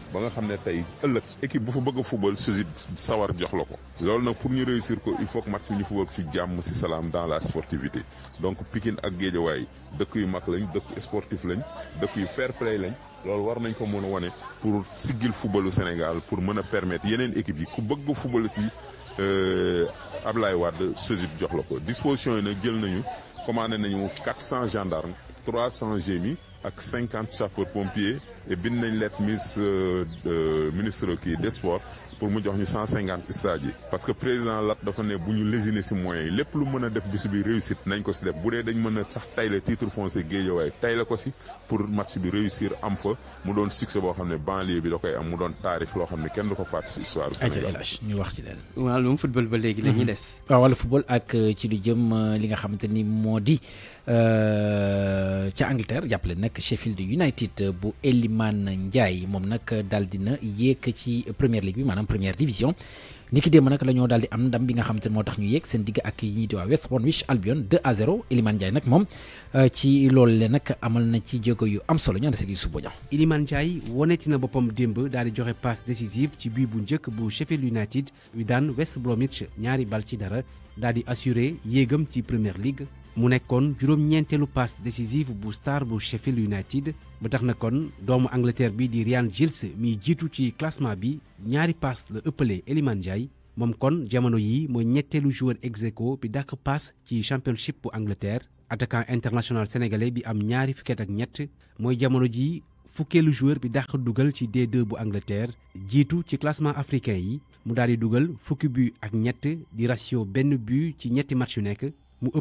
R: ba nga xamné tay ëlëk équipe bu fa bëgg football fubal sawar jox la ko loolu pour ñu réussir ko il faut que match ñu football ci jamm ci salam dans la sportivité donc Pikine ak Géejawaay dëkk yu mak lañ dëkk sportif lañ dëkk yu fair play lañ lool war nañ ko mëna a pour pour football fubalu Sénégal pour mëna a permettre yeneen équipe yi ku bëgg football fubal ci euh, Ablaye Wade saisit jox la disposition yi nag jël nañu commandé nañu 400 gendarmes 300 gémis ak cinquante sapeurs pompiers et bind nañ lettre euh, ministre ministre qui des sports pour mu jox ñu 150 cinquante parce que président Lat dafa né bu ñu lésiner ci moyens lepp lu mëna def bis bi réussite nañ ko ci def bu dañ mëna sax tay la titre foncier Guédiawaye tay la ko ci pour match bi réussir am fa mu doon succès bo xamné banlieue bi da koy am mu doon tarif lo xamné kenn du ko fàtte si histoire. Sénégal ñu wax ci leen.
S: wàllum football ba légui la dess des. waaw mm-hmm. ah, wàllu football ak euh, ci lu jëm euh, li nga xamante modi euh ci Angleterre jàppale nag nag Sheffield United euh, bu Eliman Ndiaye mom nak dal dina yek ci première ligue bi manam première division niki dem nak lañu ñoo di am ndam bi nga xam te ñu yek sen ak di wa West Bromwich Albion 2 à 0 Eliman Ndiaye nak mom euh, ci loolu le nak amal na ci jéego yu am solo ñu ànd si gi suba ña Ndiaye woneti na bopam demb daal di joxe passe décisive
I: ci but bu njëkk bu Sheffield United wi daan West Bromwich ñaari bal ci dara dadi di assuré yegum ci Premier League mu nekkoon juróom-ñeenteelu passe décisive bu star bu Sheffield United ba tax kon doomu Angleterre bi di rian mi mi jiitu ci classement bi ñaari passe le ëppale Momkon Ndiaye moom kon jamono yi joueur ex bi dàq passe ci championship bu Angleterre attaquant international sénégalais bi am ñaari fukket ak ñett mooy jamono ji fukkeelu joueur bi dàq dugal ci D2 bu Angleterre jiitu ci classement africain yi mu daal di dugal fukki Benubu, ak ñett di ratio benn but ci ñetti match yu nekk mu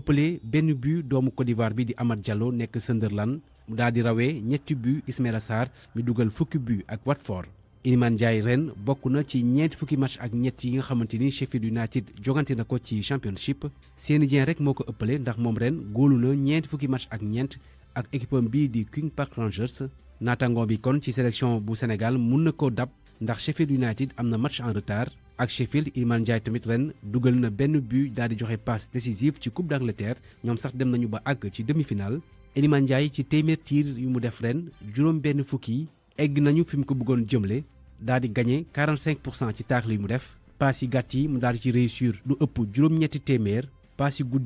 I: benn doomu d'Ivoire bi di Amad Diallo nekk Sunderland mu daal di rawee ñetti but Ismaïla Sarr mi dugal fukki but ak Watford. Ndiaye ren bokk na ci fukki match ak ñett yi nga xamante ni Sheffield United jogante na ko ci championship Seny rek moo ko ëppale ndax moom ren góolu na ñeent fukki match ak ñeent ak équipe di King Park Rangers. naataangoo bi kon ci sélection bu Sénégal mun na dab ndax Sheffield United amna match en retard ak Sheffield Iliman Ndiaye tamit ren dugal na benn but daal di joxe passe décisive ci Coupe d'Angleterre ñom sax dem nañu ba ag ci demi-finale Iliman Ndiaye ci téeméer tir yu mu def ren juroom benn fukki egg nañu fim ko bëggoon jëmle di 45 ci taaxle mu def passe yi gatti mu ci réussir du ëpp juroom ñetti témer passe mu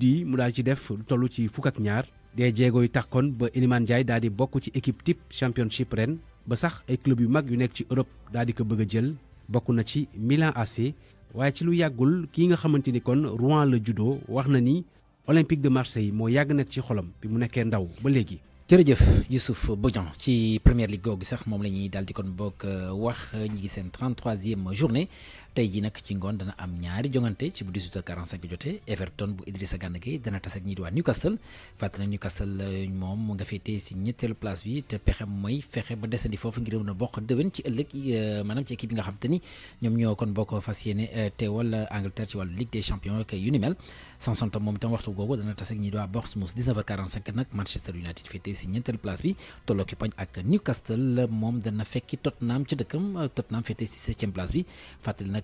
I: ci def lu tollu ci fukk ak ñaar des jéego yu ba di ci équipe type championship ren ba sax ay club yu mag yu nekk ci Europe daal di ko bëgg a jël bokk na ci Milan AC waaye ci lu yàggul kii nga xamante ni kon Rouen Le judo
S: wax na ni Olympique de Marseille moo yàgg nekk ci xolam bi mu nekkee ndaw ba léegi. jërëjëf Youssouf Bodian ci première ligue googu sax moom la ñuy daal di kon bokk euh, wax euh, ñu ngi seen 33e journée tey ji nag ci ngoon dana am ñaari jongante ci bu 18 45 jotee Everton bu Idrissa Gana Gueye dana ak ñi di Newcastle fàttali na Newcastle euh, moom nga fété si ñetteelu place bi té pexe moy fexé ba desandi fofu ngir mën bokk dewen ci ëlëk euh, manam ci équipe nga xam te ñoo kon bokk fas euh, té wal Angleterre ci wal Ligue des champions ak Unimel sans son Southampton moom itam waxtu gogo dana tass ak ñi di waa Bournemouth 19 heures 45 nak Manchester United fété si ñetteelu place bi tolloo ki ak Newcastle moom dana fekki Tottenham ci dëkkam Tottenham ci si e place bi fatel nak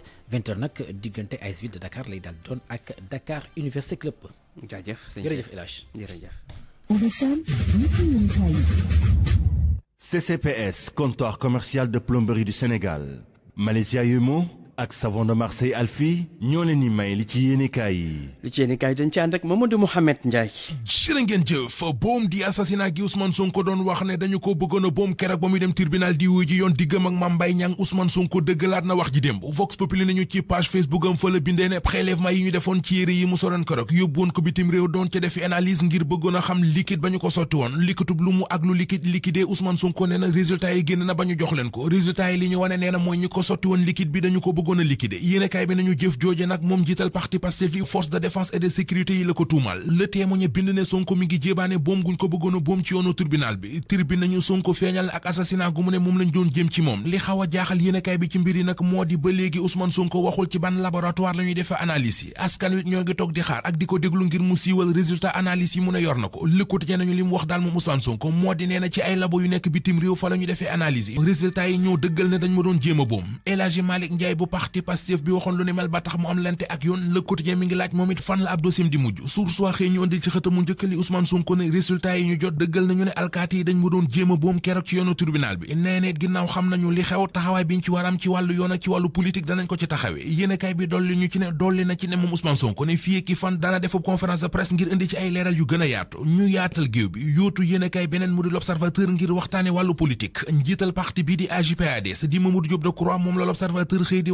S: sport 20h nag diggante de Dakar lay dal Dakar Université Club.
L: CCPS comptoir commercial de plomberie du Sénégal. Malaysia Yumo. ak savon de Marseille ñoo leen ni may li ci yéenekaay yi li ci yéenekaay
T: dañ ci ànd ak Mamadou Mouhamed Ndiaye jërë ngeen jëf boom di assassinat gi Ousmane Sonko doon wax ne dañu ko bëggoon boom keroog ba muy dem tribunal di wuy yoon diggam ak Mame Mbaye Niang Ousmane Sonko dëggalaat na wax ji démb Vox Populi nañu ci page Facebook fa la bindee ne prélèvement yi ñu defoon ci yi mu soloon keroog yóbbuwoon ko bitim réew doon ca defi analyse ngir bëggoon a liquider yéenekaay bi nañu jëf jooje nag moom jiital parti Pastef force de défense et de sécurité yi la ko tuumal le témoigné bind ne Sonko mi ngi jéebaane boom guñ ko bëggoon a boom ci yoonu tribunal bi tribune nañu Sonko feeñal ak assassinat gu mu ne moom lañ doon jëm ci moom li xaw a jaaxal yéenekaay bi ci mbir yi nag moo di ba léegi Ousmane Sonko waxul ci ban laboratoire la ñuy defee yi askan wi ñoo ngi toog di xaar ak di ko déglu ngir mu siiwal résultat parti Pastef bi waxoon lu ni mel ba tax mu am lente ak yoon Le Quotidien mi ngi laaj moom it fan la ab dossier di mujj source waa xëy ñu ëndil ci xëtamu njëkk li Ousmane Sonko résultat yi ñu jot dëggal nañu ne alkaati yi dañ mu doon jéem a boom keroog ci yoonu ci war am danañ ko ci taxawee yéenekaay bi dolli ñu ci ne dolli na ci ne moom Ousmane Sonko ne ki fan dana defub conférence de presse ngir indi ci ay leeral yu gën a yaatu ñu yaatal géew bi yootu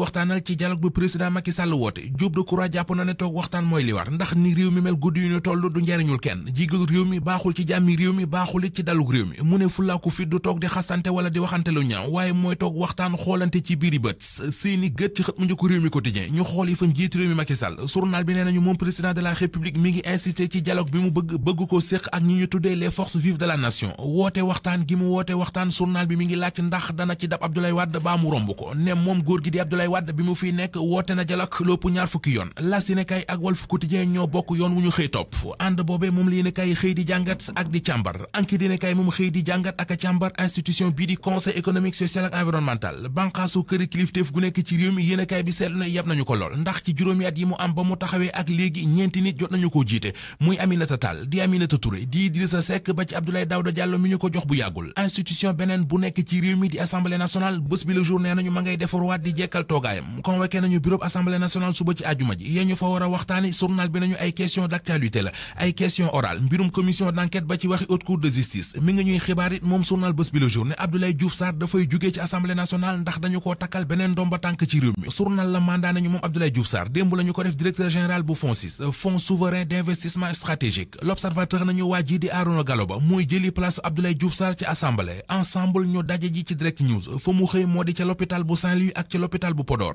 T: waxtaanal ci dialogue bu président Macky Sall woote Diop Decroix jàpp na ne toog waxtaan mooy li war ndax ni réew mi mel guddi yu ñu toll du njariñul kenn jigal réew mi baaxul ci jàmmi réew mi baaxul it ci dalug réew mi mu ne fulaaku fit du toog di xastante wala di waxante lu ñaaw waaye mooy toog waxtaan xoolante ci biiri bët seeni gët ci xët mu njëkk réew mi quotidien ñu xool yi fa njiit réew mi Macky Sall journal bi nee nañu moom président de la république mi ngi la nation woote waxtaan gi mu woote waxtaan journal bi mi ngi laaj ndax dana ci dab Abdoulaye Wade ko ne moom gi di Abdoulaye Wade a këri kilifteef gu nekk ci réew mi yéenekaay bi seetlu nañu ko lool ndax ci juróomi at yi mu am ba mu taxawee ak léegi ñeenti nit jot nañu koo jiite muy Aminata Tall di Aminata Touré di Idrissa Seck ba ci Abdoulaye Daouda Diallo mi ñu ko jox bu yàggul institution beneen bu nekk ci réew mi di assemblée nationale bés bi le jour nee nañu ma ngay defarwaat di jekkal tooga toogaayam convoqué nañu bureau assemblée nationale suba ci àjjuma ji yee ñu fa war a journal bi nañu ay question d'actualité la ay question orale mbirum commission d'enquête ba ci waxi haute cour de justice mi ngi ñuy xibaar mom journal bëss bi le journée Abdoulaye Diouf Sarr fay juggé ci assemblée nationale ndax dañu ko takal benen domba tank ci réew mi journal la mandat nañu mom Abdoulaye Diouf Sarr dembu lañu ko def directeur général bu FONSIS fonds souverain d'investissement stratégique l'observateur nañu waji di Arouna galoba moy mooy jëli place Abdoulaye Diouf Sarr ci assemblée ensemble ñu dajé ji ci direct news fa mu xey modi ci l'hôpital bu Saint-Louis ak ci l'hôpital bu Podor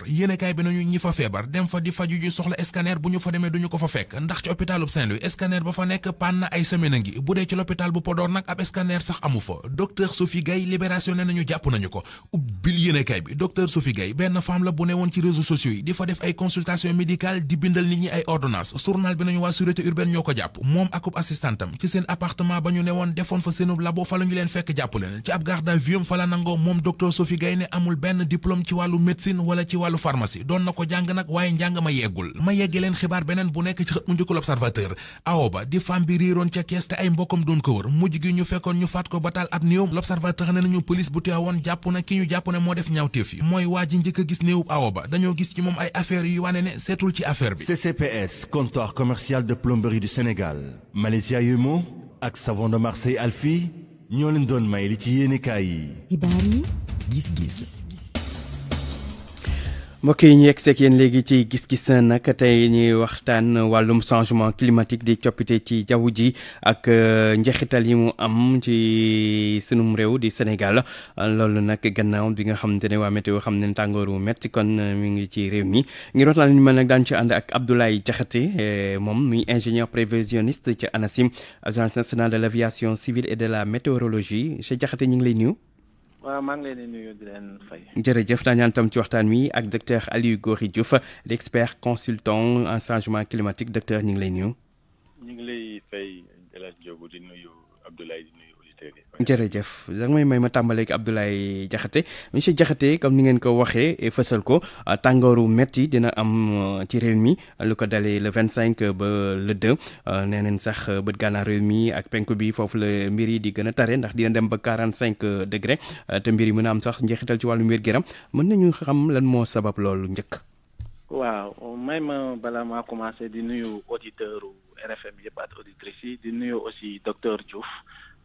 T: Sophie Gaye benn femme la bu ne woon ci réseaux sociaux yi di fa def ay consultation médicale di bindal nit ñi ay ordonnance journal bi nañu waa sûreté urbaine ñoo ko jàpp moom akub assistantam ci seen appartement ba ñu ne woon defoon fa seenub labo fa la leen fekk jàpp ci ab garde à vue fa la nangoo moom docteur Sophie Gaye ne amul benn diplôme ci wàllu médecine wala ci wàllu pharmacie doon na ko jàng nag waaye njàng ma yeggul ma yegge leen xibaar beneen bu nekk ci xët mu njëkkul observateur awo ba di femme bi riiroon ca kees te ay mbokkam doon ko wër mujj gi ñu fekkoon ñu faat ko ba taal ab néew l'observateur ne nañu police bu teewoon jàpp na ki ñu jàpp ne moo def ñaawteef yi mooy waa ji njëkk a gis néewub awo ba dañoo gis ci moom ay affaire yu wane ne seetul ci affaire bi CCPS comptoir commercial de plomberie du Sénégal Malaysia Yumo ak savon de Marseille Alfi ñoo leen doon
A: may ci yéenekaay yi.
E: yi gis-gis.
A: mbokk yi ñu yegg seeg léegi ci gis-gis nag tey ñuy waxtaan wàllum changement climatique di coppite ci jaww ji ak euh, njeexital yi mu am ci sunum réew di Sénégal loolu nag gannaaw bi nga xamante ne waa météo xam ne tàngooru métti kon euh, mi ngi ci réew mi ngir waxtaan li ma nag daan ci ànd ak Abdoulaye Diakhaté euh, moom muy ingénieur prévisionniste ci ANACIM agence nationale de l' aviation civile et de la météorologie Cheikh Diakhaté ñu ngi lay nuyu.
H: waaw maa ngi leen di nuyu di leen fay.
A: jërëjëf daañu naan tam ci waxtaan wi ak docteur Aliou Gory Diouf l' expert consultant en changement climatique docteur ñu ngi lay nuyu.
L: ñu ngi lay fay El Hadj Ndiogou di nuyu Abdoulaye.
A: jërëjëf da nga may may ma tàmbaleeg Abdoulaye Diakhaté monsieur Diakhaté comme ni ngeen ko waxee eh, fësal ko ah, tàngooru metti dina am ah, ci réew mi lu ko dalee le vingt ba le deux ah, nee neen sax bët gànnaar réew mi ak penku bi foofu la mbir yi di gën a tare ndax dina dem ba quarante degré te mbir yi mën a am sax njeexital ci wàllu wér giram mën nañu xam lan moo sabab loolu njëkk.
H: waaw may ma bala maa commencé di nuyu auditeurs RFM yëpp ak auditrices yi di nuyu aussi docteur Diouf.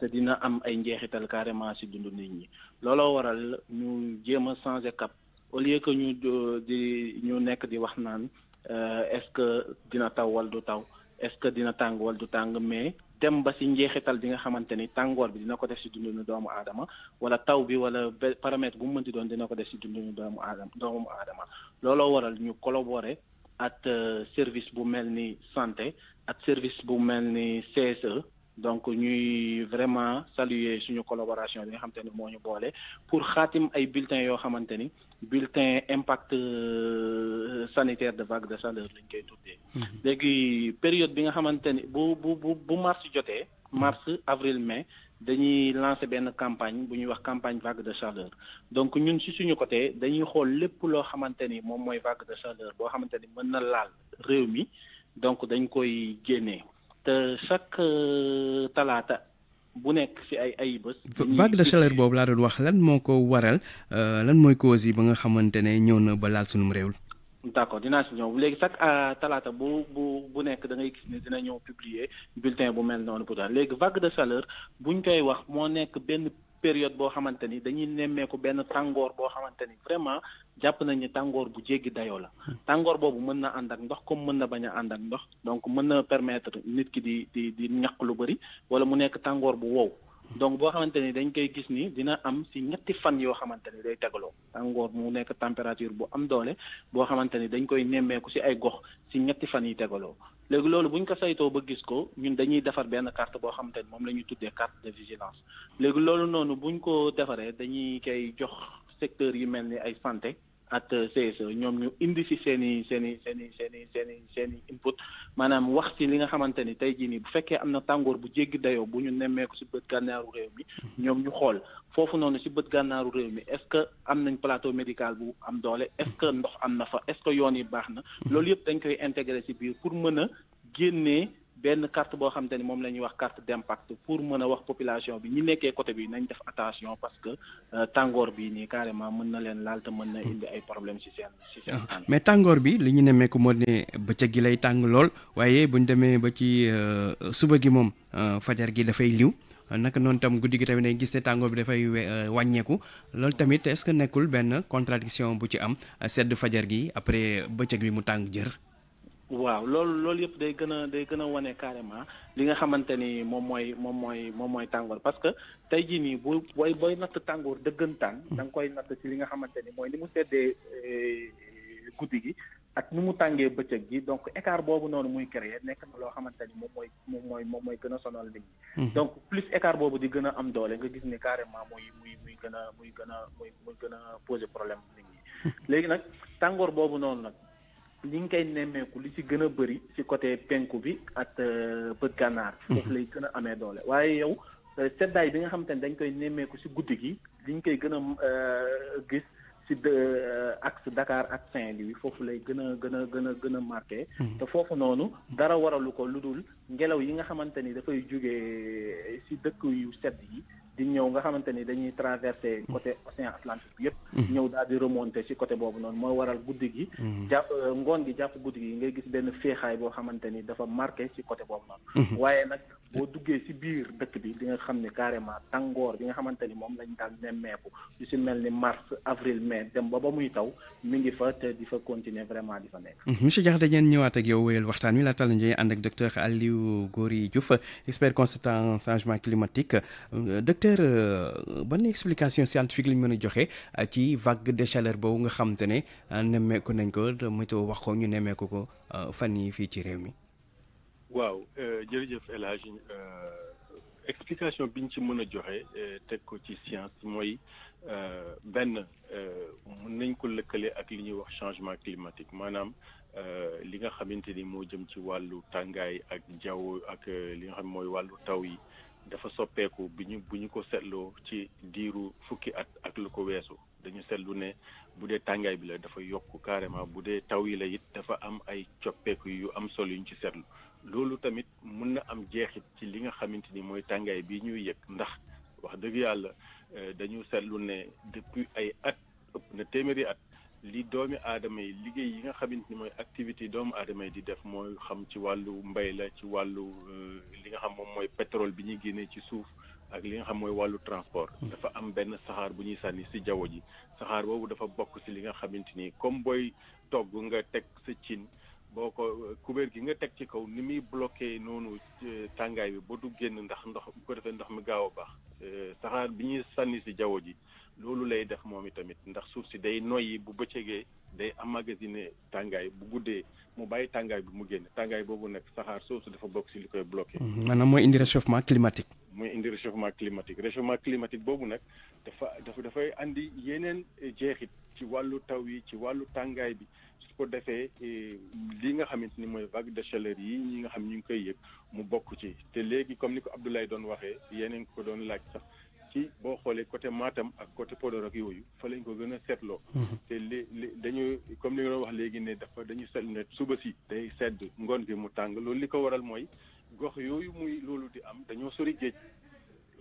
H: te dina am ay njeexital carrément si dund nit ñi looloo waral ñu jéem a changer cap au lieu que ñu euh, di ñu nekk di wax naan euh, est-ce que dina taw wala du taw est-ce que dina tàngoor du tàng mais dem ba si njeexital bi nga xamante ni tàngoor bi dina ko def si dundu doomu aadama wala taw bi wala paramètre bu mu mënti doon dina ko def si dundu doomu aadama doomu aadama looloo waral ñu collaborer ak euh, service bu mel ni santé ak service bu mel ni CSE. donc ñuy vraiment saluer suñu collaboration bi nga xamante ni moo ñu boole pour xaatim ay bulletins yoo xamante ni bulletin impact euh, sanitaire de vague de chaleur lañ koy tuddee. Mhm. léegi période bi nga xamante ni bu bu bu bu mars jotee. mars mhm. avril mai dañuy lancer benn campagne bu ñuy wax campagne vague de chaleur donc ñun si suñu côté dañuy xool lépp loo xamante ni moom mooy vague de chaleur boo xamante ni mën na laal réew mi donc dañ koy génnee. te chaque euh, talaata bu nekk ci ay ay bés. vague de
A: chaleur boobu laa doon wax lan moo ko waral euh, lan mooy cause yi ba nga xamante ne ñëw na ba laal sunum réew.
H: d'accord dinaa ci ñëw léegi chaque euh, talaata bu bu bu nekk da ngay gis ni dina ñëw publier bulletin bu mel noonu pour léegi vague de chaleur buñ koy wax moo nekk benn. période boo xamante ni dañuy nemmeeku benn tàngoor boo xamante ni vraiment jàpp nañ ni tàngoor bu jéggi dayoo la hmm. tàngoor boobu mën na ànd ak ndox comme mën na bañ a ànd ak ndox donc mën na permettre nit ki di di di ñàq lu bëri wala mu nekk tàngoor bu wow donc boo xamante ni dañ koy gis ni dina am si ñetti fan yoo xamante ni day tegaloo tàngoor mu nekk température bu am doole boo xamante ni dañ koy nemmeeku si ay gox ci ñetti fan yi tegaloo léegi loolu buñ ko saytoo ba gis ko ñun dañuy defar benn carte boo xamante ni moom la ñuy tuddee carte de vigilance léegi loolu noonu bu ñu ko defaree dañuy koy jox secteur yi mel ni ay santé at CSE ñoom ñu indi si seen i seeni i seen i seen seen i seen input maanaam wax si li nga xamante ni tey jii nii bu fekkee am na tàngoor bu jéggi dayoo bu ñu nemmeeku si bët gànnaaru réew mi mhm. ñoom ñu xool foofu noonu si bët gànnaaru réew mi est-ce que am nañ plateau médical bu am doole est ndox am na fa est yoon yi baax na mhm. loolu yëpp dañ koy intégrer si biir pour mën a génnee benn carte boo xam ni moom la ñuy wax carte d'impact pour mën a wax population bi ñu nekkee côté bi nañ def attention parce que euh, tàngoor bi nii carrément mën na leen laal te mën na indi ay problème ci seen
A: ah, mais tàngoor bi li ñu nemmeeku moo ne bëccëg gi lay tàng lool waaye bu ñu demee ba ci euh, suba gi moom euh, fajar gi dafay liw naka noonu tam guddi gi tamit dañuy gis ne tàngoor bi dafay wàññeeku loolu tamit est-ce que nekkul benn contradiction bu ci am sedd fajar gi après bëccëg bi mu tàng jër
H: waaw loolu loolu yëpp day gën a day gën a wane carrément li nga xamante ni moom mooy moom mooy moom mooy tàngoor parce que tey jii nii bu booy booy natt tàngoor dëggantaan. Hmm. da nga koy natt ci li nga xamante ni mooy ni mu seddee eh, guddi gi ak nu mu tàngee bëccëg gi donc écart boobu noonu muy kër créé nekk na loo xamante ni moom mooy moom mooy moom mooy gën a sonal nit ñi. Hmm. donc plus écart boobu di gën a am doole nga gis ni carrément muy muy muy gën a muy gën a muy gën a poser problème nit hmm. léegi nag tàngoor boobu noonu nag. li nga koy nemmeeku li ci gën a bëri ci côté penku bi ak euh, bët gànnaar. Mhm. foofu lay gën a amee doole waaye yow euh, seddaay bi nga xamante ne dañ koy nemmeeku ci guddi gi li ñu koy gën a euh, gis ci axe Dakar ak Saint-Louis foofu lay gën a gën a gën a gën a marqué. Mhm. te foofu noonu dara waralu ko lu dul ngelaw yi nga xamante ni dafay jóge ci dëkk yu sedd yi. di ñëw nga xamante ni dañuy traversé mm. côté océan Atlantique bi yëpp mm. ñëw daal di remonté ci côté boobu noonu mooy waral guddi gi mm. jàpp euh, ngoon gi jàpp guddi gi ngay gis benn féexaay boo xamante ni dafa marqué ci côté boobu noonu -hmm. waaye nag boo duggee ci biir dëkk bi di nga xam ni carrément tàngoor bi nga xamante ni moom lañ daal nemmeeku lu ci mel ni mars avril mai dem ba ba muy taw mi ngi fa te di fa continuer vraiment di fa nekk
A: -hmm. monsieur Diakhaté ngeen ñëwaat ak yow wéyal waxtaan mi la tal ñuy ànd ak docteur Aliou Gori Diouf expert consultant changement climatique euh, docteur docteur euh, ban explication scientifique lañ mëna joxé euh, ci vague de chaleur bo nga xam te ne euh, nemmeeku nañ ko météo wax ko ñu némé ko fan yi fii ci réew mi.
L: waaw jërëjëf élage Hadj explication biñ ci mëna joxé joxe ko ci science mooy benn mën nañ ko lëkkale ak li ñuy wax changement climatique maanaam. li nga xamante ni moo jëm ci wàllu tàngaay ak jaww ak li nga xam mooy wàllu taw yi dafa soppeeku bi ñu bu ñu ko seetloo ci diiru fukki at ak lu ko weesu dañu seetlu ne bu dee tàngaay bi la dafa yokk carrément bu dee taw yi la it dafa am ay coppeeku yu am solo yu ñu ci seetlu loolu tamit mun na am jeexit ci li nga xamante ni mooy tàngaay bi ñuy yëg ndax wax dëgg yàlla eh, dañu seetlu ne depuis ay at ëpp na téeméeri at li doomi aadama yi liggéey yi nga xamante ni mooy activité doomu aadama yi di def mooy xam ci wàllu mbay la ci wàllu euh, li nga xam moom mooy pétrole bi ñuy génnee ci suuf ak li nga xam mooy wàllu transport. Hmm. dafa am benn saxaar bu ñuy sànni si jaww ji saxaar boobu dafa bokk si li nga xamante ni comme booy togg nga teg sa cin boo ko kubéer gi nga teg ci kaw ni muy bloqué noonu euh, tàngaay bi ba du génn ndax ndox bu ko defee ndox mi gaaw a baax euh, saxaar bi ñuy sànni si jaww ji. loolu lay def moom itamit ndax suuf si day noyyi bu bëccëgee day emmagasiner tàngaay bu guddee mu bàyyi tàngaay bi mu génn tàngaay boobu nag saxaar suuf si dafa bokk si li koy bloqué. Mhm. maanaam
A: mooy indi réchauffement climatique.
L: mooy indi réchauffement climatique réchauffement climatique boobu nag dafa dafa dafay indi yeneen jeexit ci wàllu taw yi ci wàllu tàngaay bi su ko defee e, li nga xamante ni mooy vague de chaleur yi ñi nga xam ñu ngi koy yëg mu bokk ci te léegi comme ni ko Abdoulaye doon waxee yeneen ko doon laaj sax. ci boo xoolee côté maatam ak côté Podor ak yooyu fa lañ ko gën a seetloo. Mhm. te li li dañu comme li nga doon wax léegi ne dafa dañu seetlu ne suba si day sedd ngoon bi mu tàng loolu li ko waral mooy gox yooyu muy loolu di am dañoo sori géej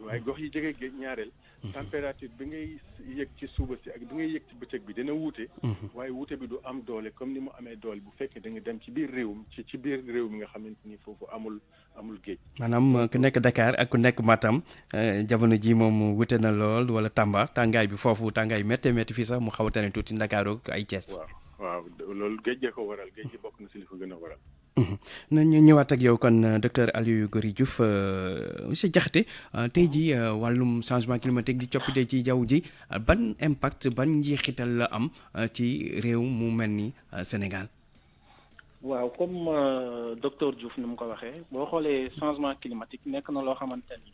L: waaye gox yi jege géej ñaareel. Mhm. température bi ngay yëg ci suuba si ak bi ngay yëg ci bëccëg bi dana wute mhm. waaye wute bi du am doole comme ni mu amee doole bu fekkee da dem ci biir réewum ci biir réew mi nga xamante ni foofu amul amul
A: géej. maanaam euh, ku nekk ndakaar ak ku nekk Matam euh, jamono ji moom wute na lool wala Tamba tàngaay bi foofu tàngaay méttee métti fii sax mu xaw a tane tuuti Ndakaaru ak ay Thiès.
S: waaw
L: loolu géej gee ko waral géej gi bokk na si li ko gën a waral.
A: Mhm. nañu ñëwaat ak yow kon euh, docteur Aliou Gory Diouf euh, monsieur Diakhaté euh, tey jii wàllum changement climatique di coppite ci jaww ji ban impact ban njeexital la am ci réew mu mel ni Sénégal.
H: waaw comme docteur Diouf ni mu ko waxee boo xoolee changement climatique nekk na loo xamante ni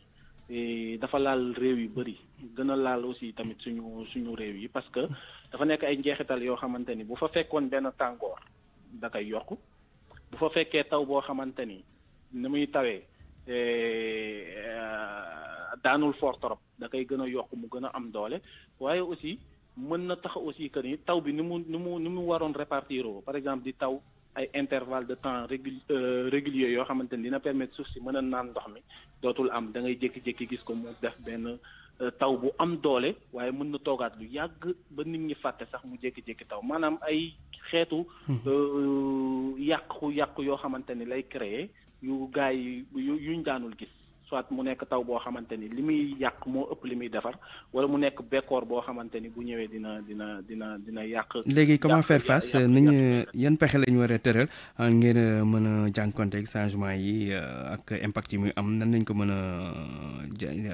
H: eh, dafa laal réew yu bëri gën a laal aussi tamit suñu suñu réew yi parce que dafa nekk ay njeexital yoo xamante ni bu fa fekkoon benn tàngoor da koy yokk. bu fekkee taw boo xamante ni ni muy tawee eh, daanul foor trop da kay gën a yokk mu gën a am doole waaye aussi mën na tax aussi kër ni taw bi ni mu ni mu ni mu waroon répartir par exemple di taw ay intervalle de temps régul euh, régulier yoo xamante ni dina permettre suuf si mën a naan ndox mi dootul am dangay ngay jékki gis ko mu def benn Euh, taw bu am doole waaye mën na toogaat lu yàgg ba nit ñi fàtte sax mu jékki-jékki taw maanaam ay xeetu mhm. euh, yàqu yàqu yoo xamante ni lay créer yu gars yi yu yuñ daanul gis soit mu nekk taw boo xamante ni li muy yàq moo ëpp li muy defar wala mu nekk bekkoor boo xamante ni bu ñëwee dina dina dina dina yàq léegi
A: comment faire face nañ yan pexe la ñu war a tëral euh, ngeen mën a jànkonte changement yi ak impact yi muy am nan lañ ko mën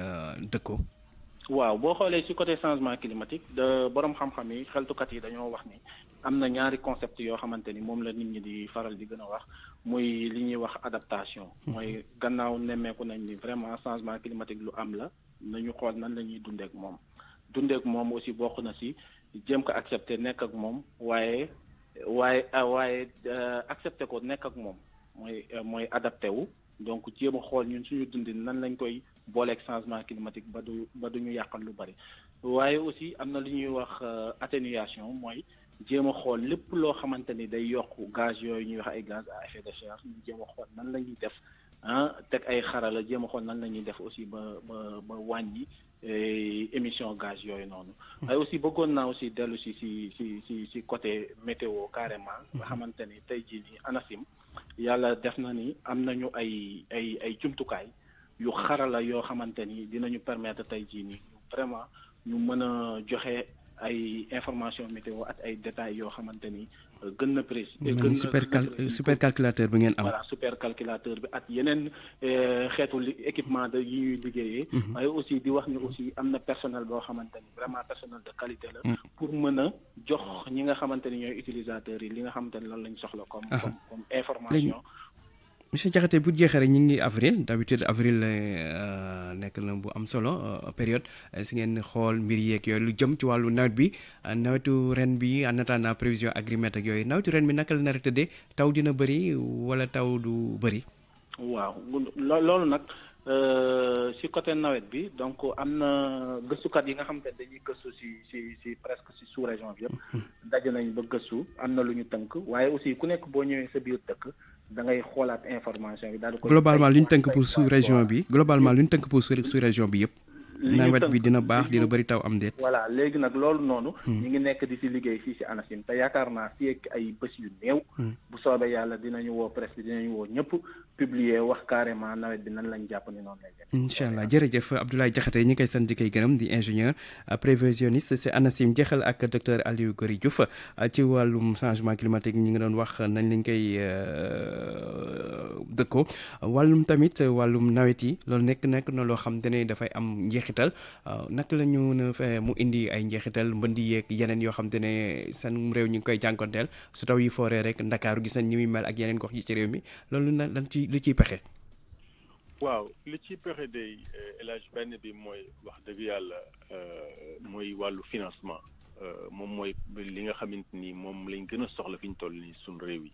A: a dëkkoo
H: waaw boo xoolee ci côté changement climatique de borom xam-xam yi xeltukat yi dañoo wax ni am na ñaari concept yoo xamante ni moom la nit ñi di faral di gën a wax muy li ñuy wax adaptation. Hmm. mooy gannaaw nemmeeku nañ ni vraiment changement climatique lu am la nañu xool nan la ñuy dundeek moom dundeek moom aussi bokk na ci jëm ko accepter nekk ak moom waaye waaye ah, waaye euh, accepter ko nekk ak moom mooy euh, mooy adapté wu donc jéem a xool ñun suñu dundin nan lañ koy booleeg changement climatique ba du ba ñu yàqal lu bari waaye aussi am na lu ñuy wax euh, atténuation mooy jéem a xool lépp loo xamante ni day yokk gaz yooyu ñuy wax ay gaz à effet de serre ñu jéem a xool nan la ñuy def ah teg ay xarala jéem a xool nan la ñuy def aussi ba ba ba wàññi eh, émission gaz yooyu noonu. waaye aussi bëggoon naa aussi dellu si si si si si côté météo carrément. ba mm-hmm. xamante ni tey jii nii ANACIM yàlla def na ni am nañu ay ay ay jumtukaay. yu xarala yoo xamante ni dinañu permettre tey jii nii vraiment ñu mën a joxe ay information météo ak ay détails yoo xamante ni euh, gën na précis. gën na euh,
A: super calculateur bi ngeen am. voilà
H: super calculateur bi ak yeneen euh, xeetu équipement de yi ñuy liggéeyee. Mhm. waaye aussi di wax ni aussi am na personnel boo xamante ni vraiment personnel de qualité la. Mhm. pour mën a jox ñi nga xamante ni ñooy utilisateurs yi li nga xamante ni loolu lañ soxla. comme comme information.
A: monsieur Diakhaté bu jeexee rek ñu ngi avril d'habitude avril euh, nekk na bu am solo euh, période euh, si ngeen xool mbir yeeg yooyu lu jëm ci wàllu nawet bi nawetu ren bi en attendant prévision Agrimet ak yooyu nawetu ren bi naka la nar a tëddee taw dina bëri wala taw du bëri.
H: waaw loolu nag si côté nawet bi donc am na gëstukat yi nga xam te dañuy gëstu si si si presque si sous région bi yëpp. Mhm. daje nañ ba gëstu am na lu ñu tënk waaye aussi ku nekk boo ñëwee sa biir dëkk. da ngay xoolaat information bi daal di ko globalement lu ñu tënk pour sous région
A: bi globalement lu ñu tënk pour sous région bi yëpp. nawet bi dina baax dina bëri taw am déet voilà
H: léegi nag loolu noonu hmm. ñu ngi nekk di si liggéey fii si ANACIM te yaakaar naa fii ak ay bés yu néew hmm. bu soobee yàlla dina ñu woo presse dina ñu woo ñëpp publier wax carrément nawet bi nan lañ jàpp ni noonu lay
A: incha allah jërëjëf Abdoulaye Diakhaté ñi koy sant di koy gërëm di ingénieur euh, prévisionniste si ANACIM jeexal ak docteur Aliou Gory fa euh, ci wàllum changement climatique ñu ngi doon wax nañ lañ koy euh, dëkkoo wàllum tamit wàllum nawet yi loolu nekk nekk na loo xam te ne am njeexit tal naka la ñu mën a mu indi ay njeexital mbëndi yeeg yeneen yoo xam te ne seen réew ñu ngi koy jànkonteel su taw yi fooree rek ndakaaru gi nañ ni muy mel ak yeneen gox yi ci réew mi loolu na lan ci lu ciy pexe.
L: waaw li ci pexe day élage eh, benn bi mooy wax dëgg yàlla eh, mooy wàllu financement eh, moom mooy li nga xamante ni moom lañ gën a soxla fi toll nii suñu réew yi.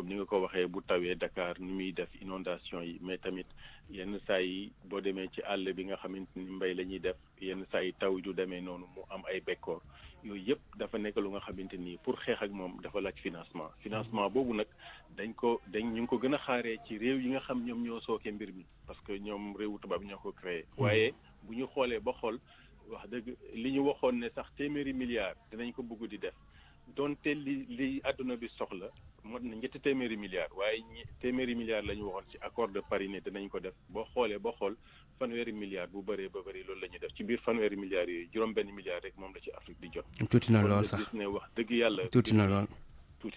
L: comme ni nga ko waxee bu tawee Dakar ni muy def inondation yi mais tamit yenn saa yi boo demee ci àll bi nga xamante ni mbay la ñuy def yenn saa yi taw ju demee noonu mu am ay bekkoor yooyu yëpp dafa nekk lu nga xamante ni pour xeex ak moom dafa laj financement financement boobu nag dañ ko dañ ñu ngi ko gën a xaaree ci réew yi nga xam ñoom ñoo sooke mbir bi parce que ñoom réewu tubaab ñoo ko créé hmm. waaye bu ñu xoolee ba xool wax dëgg li ñu waxoon ne sax téeméeri milliards dinañ ko bëgg di def donte li li àdduna bi soxla mot na ñetti téeméeri milliards waaye téeméeri milliards la ñu waxoon ci accord de Paris ne dinañ ko def boo xoolee boo xool fanweeri milliards bu baree ba bëri loolu la ñuy def ci biir fanweeri milliards yi juróom-benn milliards rek moom la ci Afrique di jot. tuuti na lool sax wax dëgg yàlla. tuuti na lool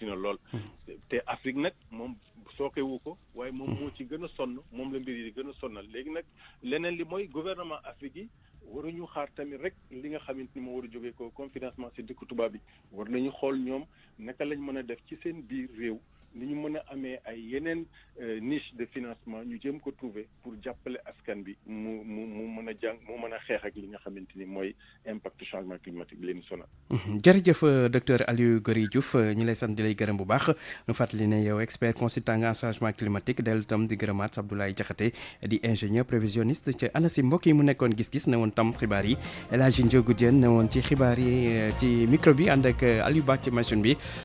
L: na lool. Hmm. te Afrique nag moom sookewu ko waaye moom hmm. moo ci gën a sonn moom la mbir yi di gën a sonnal léegi nag leneen li mooy gouvernement Afrique yi. waruñu xaar tamit rek li nga xamante ni moo war a jógee ko comme financement si dëkku tubaab bi war nañu xool ñoom naka lañ mën a def ci seen biir réew ni ñu mën a amee ay yeneen euh, niche de financement ñu jëm ko trouver pour jàppale askan bi mu mu mu mën a jàng mu mën a xeex ak li nga xamante ni mooy impact changement climatique bi leen sonal.
A: Mmh. jërëjëf euh, docteur Aliou Gory Diouf euh, ñi lay sant di lay gërëm bu baax nu fàttali ne yow expert consultant en changement climatique dellu tam di gërëmaat Abdoulaye Diakhaté di ingénieur prévisionniste ci ANACIM mbokk yi mu nekkoon gis-gis ne woon tam xibaar yi El Hadj Ndiogou Diène ne woon ci xibaar yi ci micro bi ànd ak Aliou Ba ci machine bi.